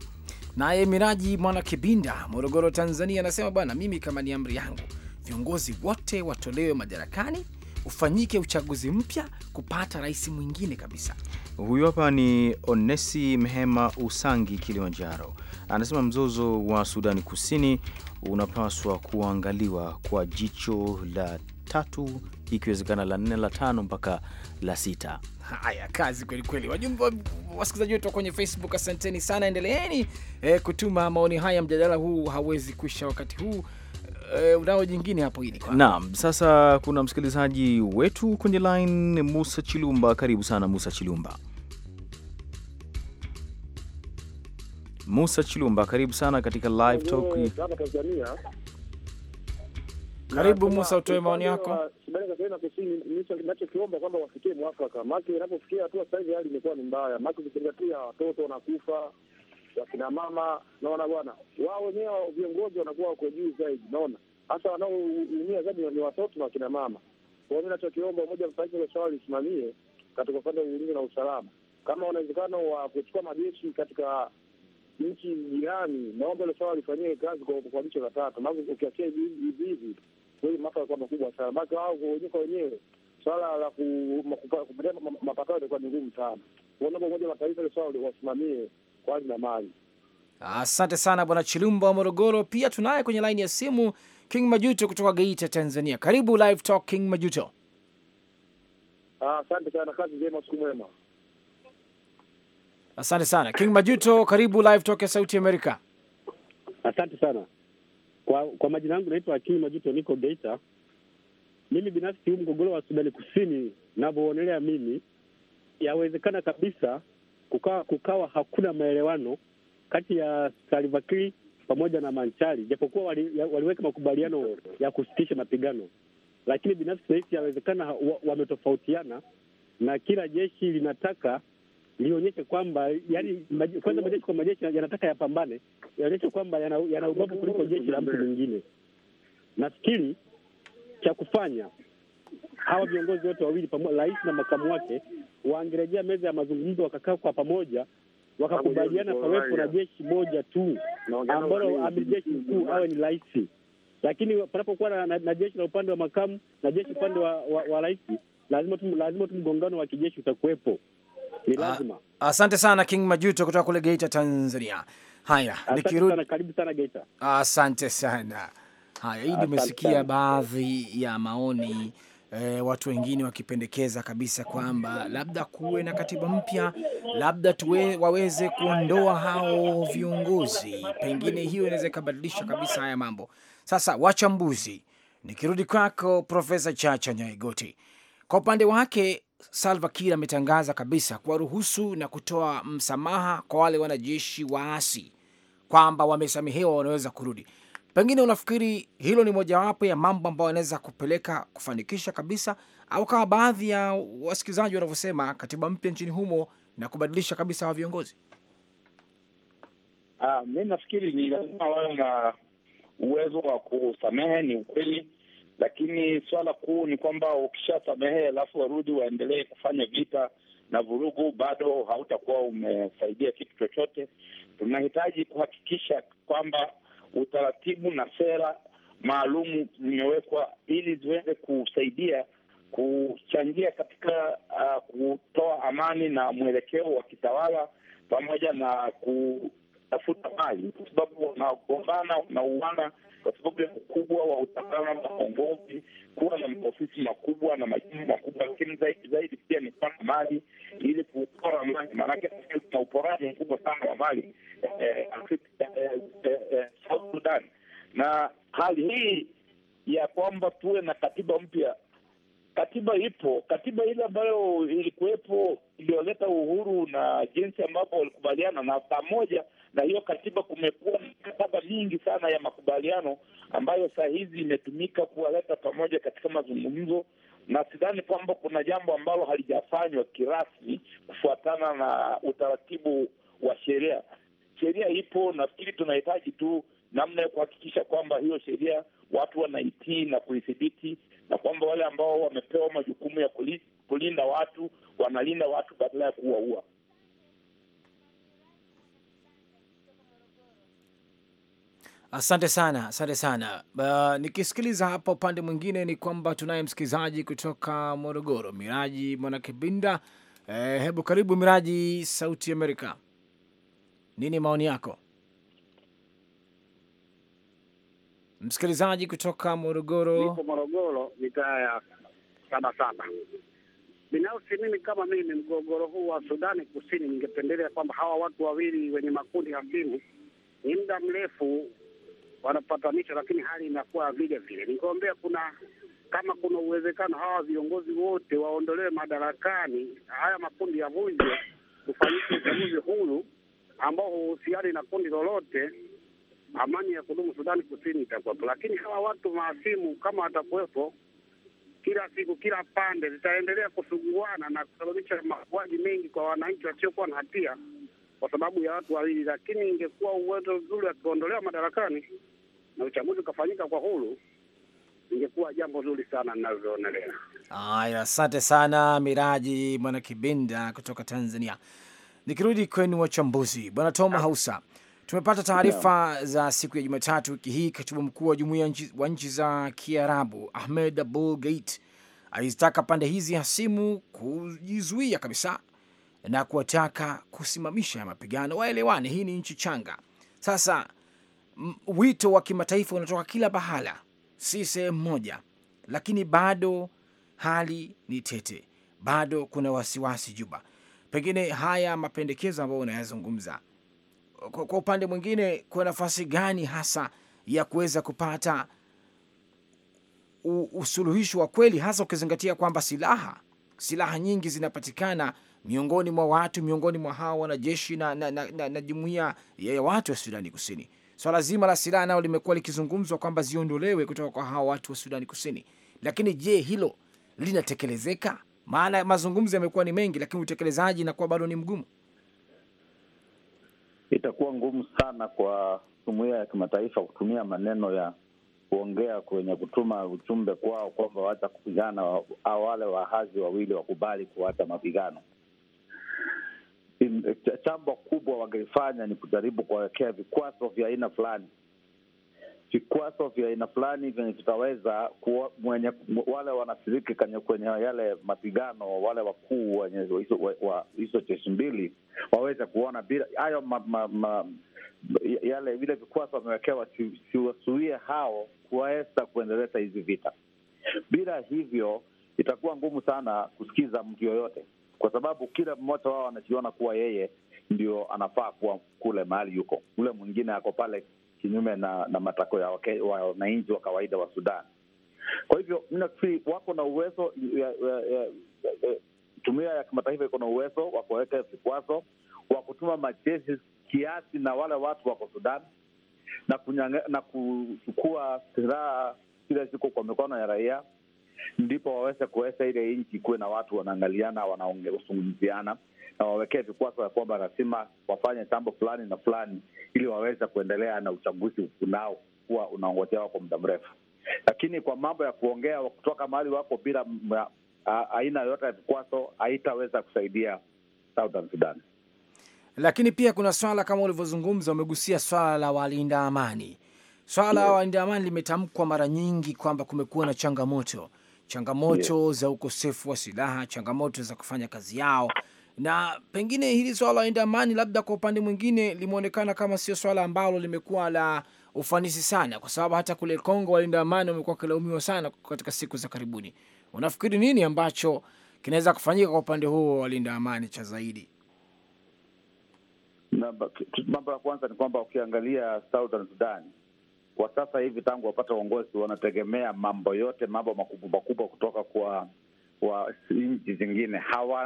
Naye Miraji Mwana Kibinda, Morogoro, Tanzania, anasema bwana, mimi kama ni amri yangu, viongozi wote watolewe madarakani, ufanyike uchaguzi mpya kupata rais mwingine kabisa. Huyu hapa ni Onesi Mhema Usangi, Kilimanjaro, anasema mzozo wa Sudani Kusini unapaswa kuangaliwa kwa jicho la tatu ikiwezekana la nne la tano mpaka la sita. Haya, kazi kwelikweli Wajumbe wa wasikilizaji wetu kwenye Facebook, asanteni sana, endeleeni eh, kutuma maoni haya. Mjadala huu hawezi kuisha wakati huu Uh, eh, unao jingine hapo hili kwa. Naam, sasa kuna msikilizaji wetu kwenye line Musa Chilumba, karibu sana Musa Chilumba. Musa Chilumba, karibu sana katika live talk. Karibu Musa, utoe maoni yako. kwamba wafikie mwafaka, inapofikia hatua sasa hivi hali imekuwa ni mbaya, ukizingatia watoto wanakufa wakina mama, naona bwana wao wenyewe viongozi wanakuwa wako juu zaidi, naona hasa wanaoumia zaidi ni watoto na wakina mama. Kwa mi nachokiomba Umoja wa Mataifa hilo swala lisimamie katika upande wa ulinzi na usalama, kama wana wa kuchukua majeshi katika nchi jirani, naomba ile swala lifanyie kazi kwa jicho la tatu, maana ukiachia hivi hivi kweli maafa yalikuwa makubwa sana, maana wao wenyewe kwa wenyewe swala la kupatia mapatano ilikuwa ni ngumu sana. Naomba Umoja wa Mataifa hilo swala wasimamie kwani na mali. Asante sana bwana Chilumba wa Morogoro. Pia tunaye kwenye laini ya simu King Majuto kutoka Geita, Tanzania. Karibu Live Talk King Majuto. Asante sana, kazi njema, siku mwema. Asante sana King Majuto, karibu Live Talk ya Sauti Amerika. Asante sana kwa kwa majina yangu naitwa King Majuto, niko Geita. Mimi binafsi huu mgogoro wa Sudani Kusini navyoonelea mimi, yawezekana kabisa kukawa, kukawa hakuna maelewano kati ya Salva Kiir pamoja na Manchari, japokuwa wali, waliweka makubaliano ya kusitisha mapigano, lakini binafsi nahisi yawezekana wametofautiana wa na kila jeshi linataka lionyeshe kwamba yani, kwanza majeshi kwa majeshi yanataka yapambane, yaonyeshe kwamba yana, yana ubavu kuliko jeshi la mtu mwingine. Nafikiri cha kufanya hawa viongozi wote wawili pamoja, rais na makamu wake, wangerejea meza ya mazungumzo, wakakaa kwa pamoja, wakakubaliana pawepo na jeshi moja tu ambalo amiri jeshi mkuu awe ni rais. Lakini panapokuwa na, na, na jeshi la upande wa makamu na jeshi upande wa, wa, wa rais, lazima tu lazima tu mgongano wa kijeshi utakuwepo, ni ah, lazima. Asante sana King Majuto kutoka kule Geita, Tanzania. Haya, nikirudi karibu sana Geita. Asante sana. Haya, hii umesikia baadhi ya maoni E, watu wengine wakipendekeza kabisa kwamba labda kuwe na katiba mpya, labda tuwe waweze kuondoa hao viongozi, pengine hiyo inaweza ikabadilisha kabisa haya mambo. Sasa wachambuzi, nikirudi kwako Profesa Chacha Nyaigoti, kwa upande wake Salva Kiir ametangaza kabisa kuwaruhusu na kutoa msamaha kwa wale wanajeshi waasi kwamba wamesamehewa, wanaweza kurudi. Pengine unafikiri hilo ni mojawapo ya mambo ambayo yanaweza kupeleka kufanikisha kabisa, au kama baadhi ya wasikilizaji wanavyosema, katiba mpya nchini humo na kubadilisha kabisa wa viongozi? Uh, mi nafikiri ni lazima wawe na uwezo wa kusamehe, ni ukweli, lakini swala kuu ni kwamba ukishasamehe alafu warudi waendelee kufanya vita na vurugu, bado hautakuwa umesaidia kitu chochote. Tunahitaji kuhakikisha kwamba utaratibu na sera maalum zimewekwa ili ziweze kusaidia kuchangia katika uh, kutoa amani na mwelekeo wa kitawala pamoja na kutafuta mali, kwa sababu wanagombana, wanauana kwa sababu ya ukubwa wa utawala na uongozi, kuwa na maofisi makubwa na majimbo makubwa, lakini zaidi zaidi pia ni kuwa mali ili kupora mali, maanake na uporaji mkubwa sana wa mali eh, eh, eh, South Sudan. Na hali hii ya kwamba tuwe na katiba mpya, katiba ipo, katiba ile ambayo ilikuwepo iliyoleta uhuru na jinsi ambavyo walikubaliana, na pamoja na hiyo katiba kumekuwa mikataba mingi sana ya makubaliano ambayo saa hizi imetumika kuwaleta pamoja katika mazungumzo, na sidhani kwamba kuna jambo ambalo halijafanywa kirasmi kufuatana na utaratibu wa sheria. Sheria ipo, nafikiri tunahitaji tu namna ya kuhakikisha kwamba hiyo sheria watu wanaitii na kuithibiti, na kwamba wale ambao wamepewa majukumu ya kulinda kulinda watu, wanalinda watu badala ya kuwaua. Asante sana, asante sana. Uh, nikisikiliza hapa upande mwingine ni kwamba tunaye msikilizaji kutoka Morogoro, Miraji Mwanakibinda. Eh, hebu karibu Miraji, Sauti Amerika, nini maoni yako? Msikilizaji kutoka Morogoro. Niko Morogoro, mitaa ya saba saba. Binafsi mimi kama mimi, mgogoro huu wa Sudani Kusini, ningependelea kwamba hawa watu wawili wenye makundi hasimu ni muda mrefu wanapatanisha, lakini hali inakuwa vile vile. Ningeombea kuna kama kuna uwezekano hawa viongozi wote waondolewe madarakani, haya makundi ya yavunjwe, kufanyika uchaguzi huru ambao huhusiani na kundi lolote, amani ya kudumu Sudani Kusini itakuwepo. Lakini hawa watu maasimu kama watakuwepo kila siku, kila pande zitaendelea kusuguana na kusababisha mauaji mengi kwa wananchi wasiokuwa na hatia kwa sababu ya watu wawili. Lakini ingekuwa uwezo mzuri akiondolewa madarakani na uchaguzi ukafanyika kwa huru, ingekuwa jambo zuri sana linavyoonelea. Haya, asante sana Miraji Mwana Kibinda kutoka Tanzania. Nikirudi kwenu wachambuzi, bwana Toma Hausa, Tumepata taarifa yeah, za siku ya Jumatatu wiki hii. Katibu mkuu wa jumuiya wa nchi za Kiarabu Ahmed Abul Gait alizitaka pande hizi hasimu kujizuia kabisa na kuwataka kusimamisha mapigano, waelewane. Hii ni nchi changa. Sasa wito wa kimataifa unatoka kila bahala si sehemu moja, lakini bado hali ni tete, bado kuna wasiwasi Juba. Pengine haya mapendekezo ambayo unayazungumza kwa upande mwingine, kwa nafasi gani hasa ya kuweza kupata usuluhisho wa kweli, hasa ukizingatia kwamba silaha silaha nyingi zinapatikana miongoni mwa watu miongoni mwa hawa wanajeshi na, na, na, na, na jumuia ya watu wa Sudani Kusini. Swala so zima la silaha nao limekuwa likizungumzwa kwamba ziondolewe kutoka kwa hawa watu wa Sudani Kusini, lakini je, hilo linatekelezeka? Maana mazungumzo yamekuwa ni mengi, lakini utekelezaji inakuwa bado ni mgumu itakuwa ngumu sana kwa jumuia ya kimataifa kutumia maneno ya kuongea kwenye kutuma ujumbe kwao kwamba waacha kupigana, wale wahazi wawili wakubali kuacha mapigano. Jambo kubwa wangelifanya ni kujaribu kuwawekea vikwazo vya aina fulani vikwazo vya aina fulani vyenye vitaweza mwenye, wale wanashiriki kwenye yale mapigano wale wakuu wa hizo jeshi mbili waweze kuona bila hayo ma, ma, ma, yale vile vikwazo wamewekewa siwazuie hao kuweza kuendeleza hizi vita. Bila hivyo itakuwa ngumu sana kusikiza mtu yoyote, kwa sababu kila mmoja wao anajiona kuwa yeye ndio anafaa kuwa kule mahali yuko, ule mwingine ako pale kinyume na, na matakwa ya wananchi wa kawaida wa Sudan. Kwa hivyo mi nafikiri wako na uwezo jumuia ya kimataifa iko na uwezo wa kuweka vikwazo wa kutuma majeshi kiasi na wale watu wako Sudan na kunyanga, na kuchukua silaha kila siku kwa mikono ya raia, ndipo waweze kuweza ile nchi kuwe na watu wanaangaliana, wanazungumziana na wawekee vikwazo ya kwamba lazima wafanye jambo fulani na fulani, ili waweze kuendelea na uchaguzi unao kuwa unaongojewa kwa muda mrefu. Lakini kwa mambo ya kuongea kutoka mahali wako bila aina yoyote ya vikwazo, haitaweza kusaidia Southern Sudan. Lakini pia kuna swala kama ulivyozungumza, umegusia swala la walinda amani. Swala la yeah, walinda amani limetamkwa mara nyingi kwamba kumekuwa na changamoto changamoto yeah, za ukosefu wa silaha, changamoto za kufanya kazi yao na pengine hili swala la amani labda kwa upande mwingine limeonekana kama sio swala ambalo limekuwa la ufanisi sana, kwa sababu hata kule Kongo walinda amani wamekuwa wakilaumiwa sana katika siku za karibuni. Unafikiri nini ambacho kinaweza kufanyika kwa upande huo walinda amani cha zaidi? Mambo ya kwanza ni kwamba ukiangalia Southern Sudan kwa sasa hivi, tangu wapata uongozi, wanategemea mambo yote, mambo makubwa makubwa kutoka kwa wa nchi zingine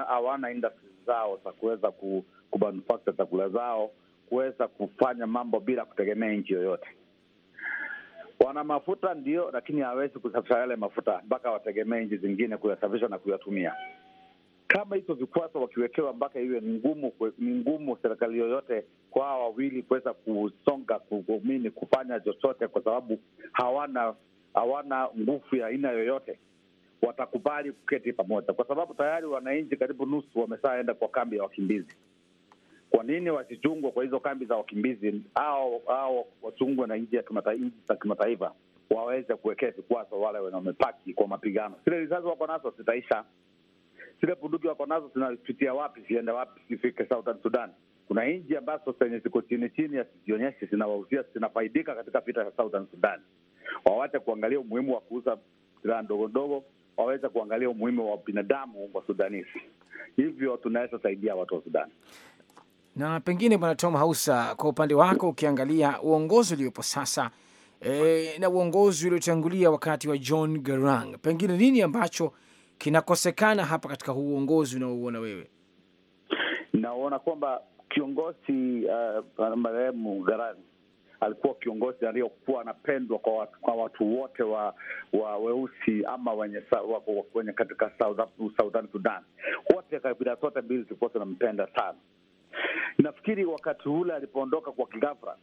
hawana industry zao za kuweza kumanufacture chakula zao, kuweza kufanya mambo bila kutegemea nchi yoyote. Wana mafuta ndio, lakini hawawezi kusafisha yale mafuta mpaka wategemee nchi zingine kuyasafisha na kuyatumia. Kama hizo vikwazo wakiwekewa, mpaka iwe ni ngumu, ni ngumu serikali yoyote kwa hawa wawili kuweza kusonga kumini kufanya chochote, kwa sababu hawana hawana nguvu ya aina yoyote watakubali kuketi pamoja, kwa sababu tayari wananchi karibu nusu wameshaenda kwa kambi ya wakimbizi. Kwa nini wasichungwe kwa hizo kambi za wakimbizi, au au wachungwe na nchi za kimataifa waweze kuwekea vikwazo wale wenye wamepaki kwa mapigano? Zile risasi wako nazo zitaisha, zile bunduki wako nazo zinapitia wapi? Ziende wapi? Zifike South Sudan? Kuna nchi ambazo zenye ziko chini chini hazijionyeshi zinawauzia, zinafaidika katika vita ya South Sudan. Wawache kuangalia umuhimu wa kuuza silaha ndogo ndogo waweze kuangalia umuhimu wa binadamu wa Sudanisi, hivyo tunaweza saidia watu wa Sudani. Na pengine Bwana Tom Hausa, kwa upande wako, ukiangalia uongozi uliopo sasa e, na uongozi uliotangulia wakati wa John Garang, pengine nini ambacho kinakosekana hapa katika huu uongozi unaouona wewe? Naona kwamba kiongozi uh, marehemu Garang alikuwa kiongozi aliyokuwa anapendwa kwa watu, kwa watu wote wa, wa weusi ama wenye, wa, wenye katika Southern Sudan wote, kabila zote mbili zilikuwa zinampenda sana. Nafikiri wakati ule alipoondoka kwa kigavra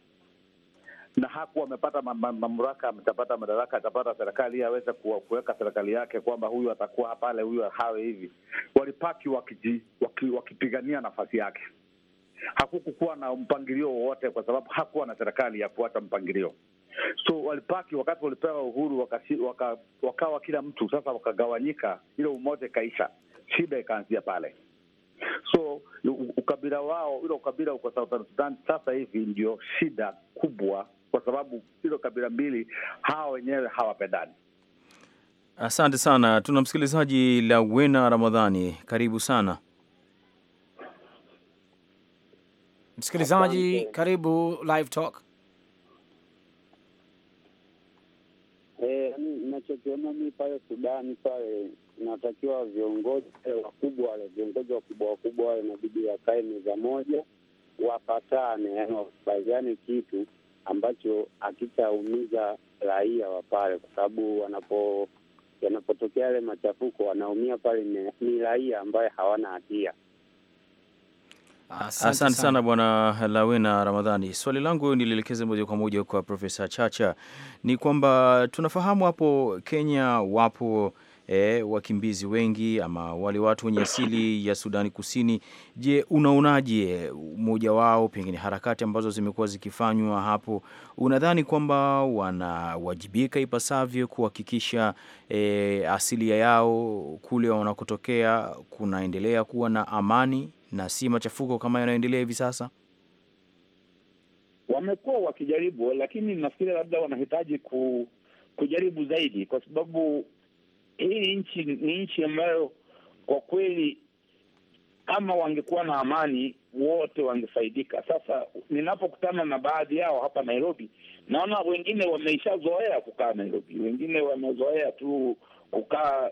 na hakuwa amepata mamlaka, amepata madaraka, atapata serikali aweze kuweka serikali yake, kwamba huyu atakuwa pale, huyu hawe hivi, walipaki waki, wakipigania nafasi yake hakukukuwa na mpangilio wowote, kwa sababu hakuwa na serikali ya kufuata mpangilio. So walipaki wakati walipewa uhuru wakasi, waka, wakawa kila mtu sasa, wakagawanyika, ile umoja ikaisha, shida ikaanzia pale. So ukabila wao, ilo ukabila uko Southern Sudan sasa hivi ndio shida kubwa, kwa sababu ilo kabila mbili hawa wenyewe hawapendani. Asante sana, tuna msikilizaji Lawena Ramadhani, karibu sana. Msikilizaji, karibu Live Talk. Eh, Nachokiona mi pale Sudani pale, natakiwa viongozi wakubwa wale, viongozi wakubwa wakubwa wale inabidi wakae meza moja, wapatane, yaani wakubaliane kitu ambacho hakitaumiza raia wa pale, kwa sababu wanapo yanapotokea yale machafuko, wanaumia pale ni raia ambaye hawana hatia. Asante, asante sana bwana Lawena Ramadhani. Swali langu nilielekeze moja kwa moja kwa Profesa Chacha, ni kwamba tunafahamu hapo Kenya wapo E, wakimbizi wengi ama wale watu wenye asili ya Sudani Kusini. Je, unaonaje mmoja wao pengine harakati ambazo zimekuwa zikifanywa hapo, unadhani kwamba wanawajibika ipasavyo kuhakikisha e, eh, asilia yao kule wanakotokea kunaendelea kuwa na amani? na si machafuko kama yanayoendelea hivi sasa? Wamekuwa wakijaribu, lakini nafikiri labda wanahitaji ku, kujaribu zaidi, kwa sababu hii nchi ni nchi ambayo kwa kweli kama wangekuwa na amani wote wangefaidika. Sasa ninapokutana na baadhi yao hapa Nairobi, naona wengine wameishazoea kukaa Nairobi, wengine wamezoea tu kukaa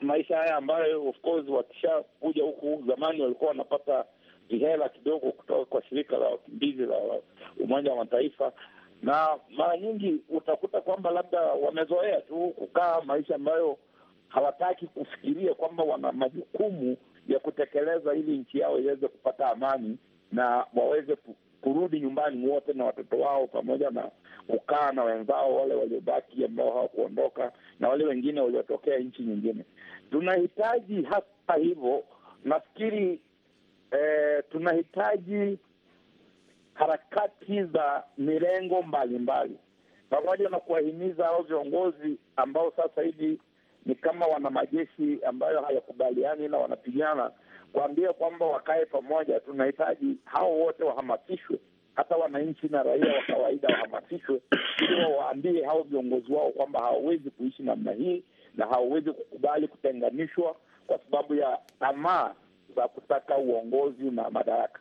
maisha haya ambayo of course wakishakuja huku, zamani walikuwa wanapata vihela kidogo kutoka kwa shirika la wakimbizi la Umoja wa Mataifa, na mara nyingi utakuta kwamba labda wamezoea tu kukaa maisha ambayo hawataki kufikiria kwamba wana majukumu ya kutekeleza ili nchi yao iweze kupata amani na waweze kurudi nyumbani wote na watoto wao pamoja na kukaa na wenzao wale waliobaki ambao hawakuondoka na wale wengine waliotokea nchi nyingine. Tunahitaji hata hivyo, nafikiri eh, tunahitaji harakati za mirengo mbalimbali pamoja na kuwahimiza hao viongozi ambao sasa hivi ni kama wana majeshi ambayo hayakubaliani na wanapigana kuambia kwamba wakae pamoja. Tunahitaji hao wote wahamasishwe, hata wananchi na raia wa kawaida wahamasishwe, ili wawaambie hao viongozi wao kwamba hawawezi kuishi namna hii na hawawezi kukubali kutenganishwa kwa sababu ya tamaa za kutaka uongozi na madaraka.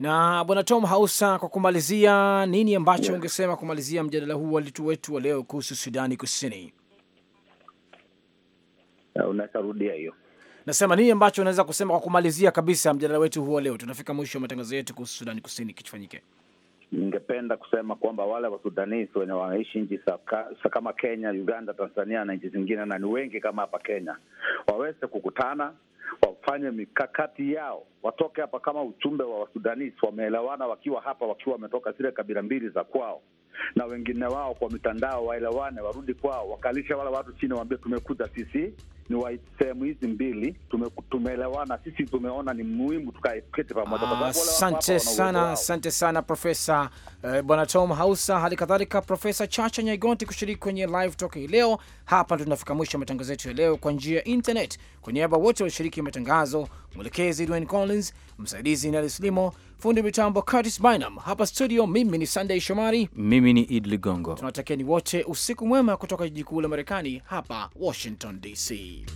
Na bwana Tom Hausa, kwa kumalizia, nini ambacho yeah, ungesema kumalizia mjadala huu walitu wetu wa leo kuhusu Sudani Kusini? Unaweza rudia hiyo? Nasema nini ambacho unaweza kusema kwa kumalizia kabisa mjadala wetu huo leo? Tunafika mwisho wa matangazo yetu kuhusu Sudani Kusini, kichofanyike Ningependa kusema kwamba wale wasudanisi wenye wanaishi nchi kama Kenya, Uganda, Tanzania na nchi zingine, na ni wengi kama hapa Kenya, waweze kukutana, wafanye mikakati yao, watoke hapa kama uchumbe wa wasudanisi, wameelewana wakiwa hapa, wakiwa wametoka zile kabila mbili za kwao na wengine wao kwa mitandao, waelewane, warudi kwao, wakalisha wale watu chini, waambie tumekuja sisi ni wa sehemu hizi mbili, tumeelewana sisi, tumeona ni muhimu tukaketi pamoja. Asante sana, asante sana Profesa eh, Bwana Tom Hausa, hali kadhalika Profesa Chacha Nyaigonti kushiriki kwenye live talk hii leo. Hapa ndo tunafika mwisho matangazo yetu ya leo kwa njia ya internet. Kwa niaba wote walishiriki matangazo, mwelekezi Dwayne Collins, msaidizi Nelis Limo fundi mitambo Curtis Bynum, hapa studio mimi ni Sunday Shomari, mimi ni Id Ligongo. ni wote usiku mwema kutoka jiji kuu la Marekani hapa Washington DC.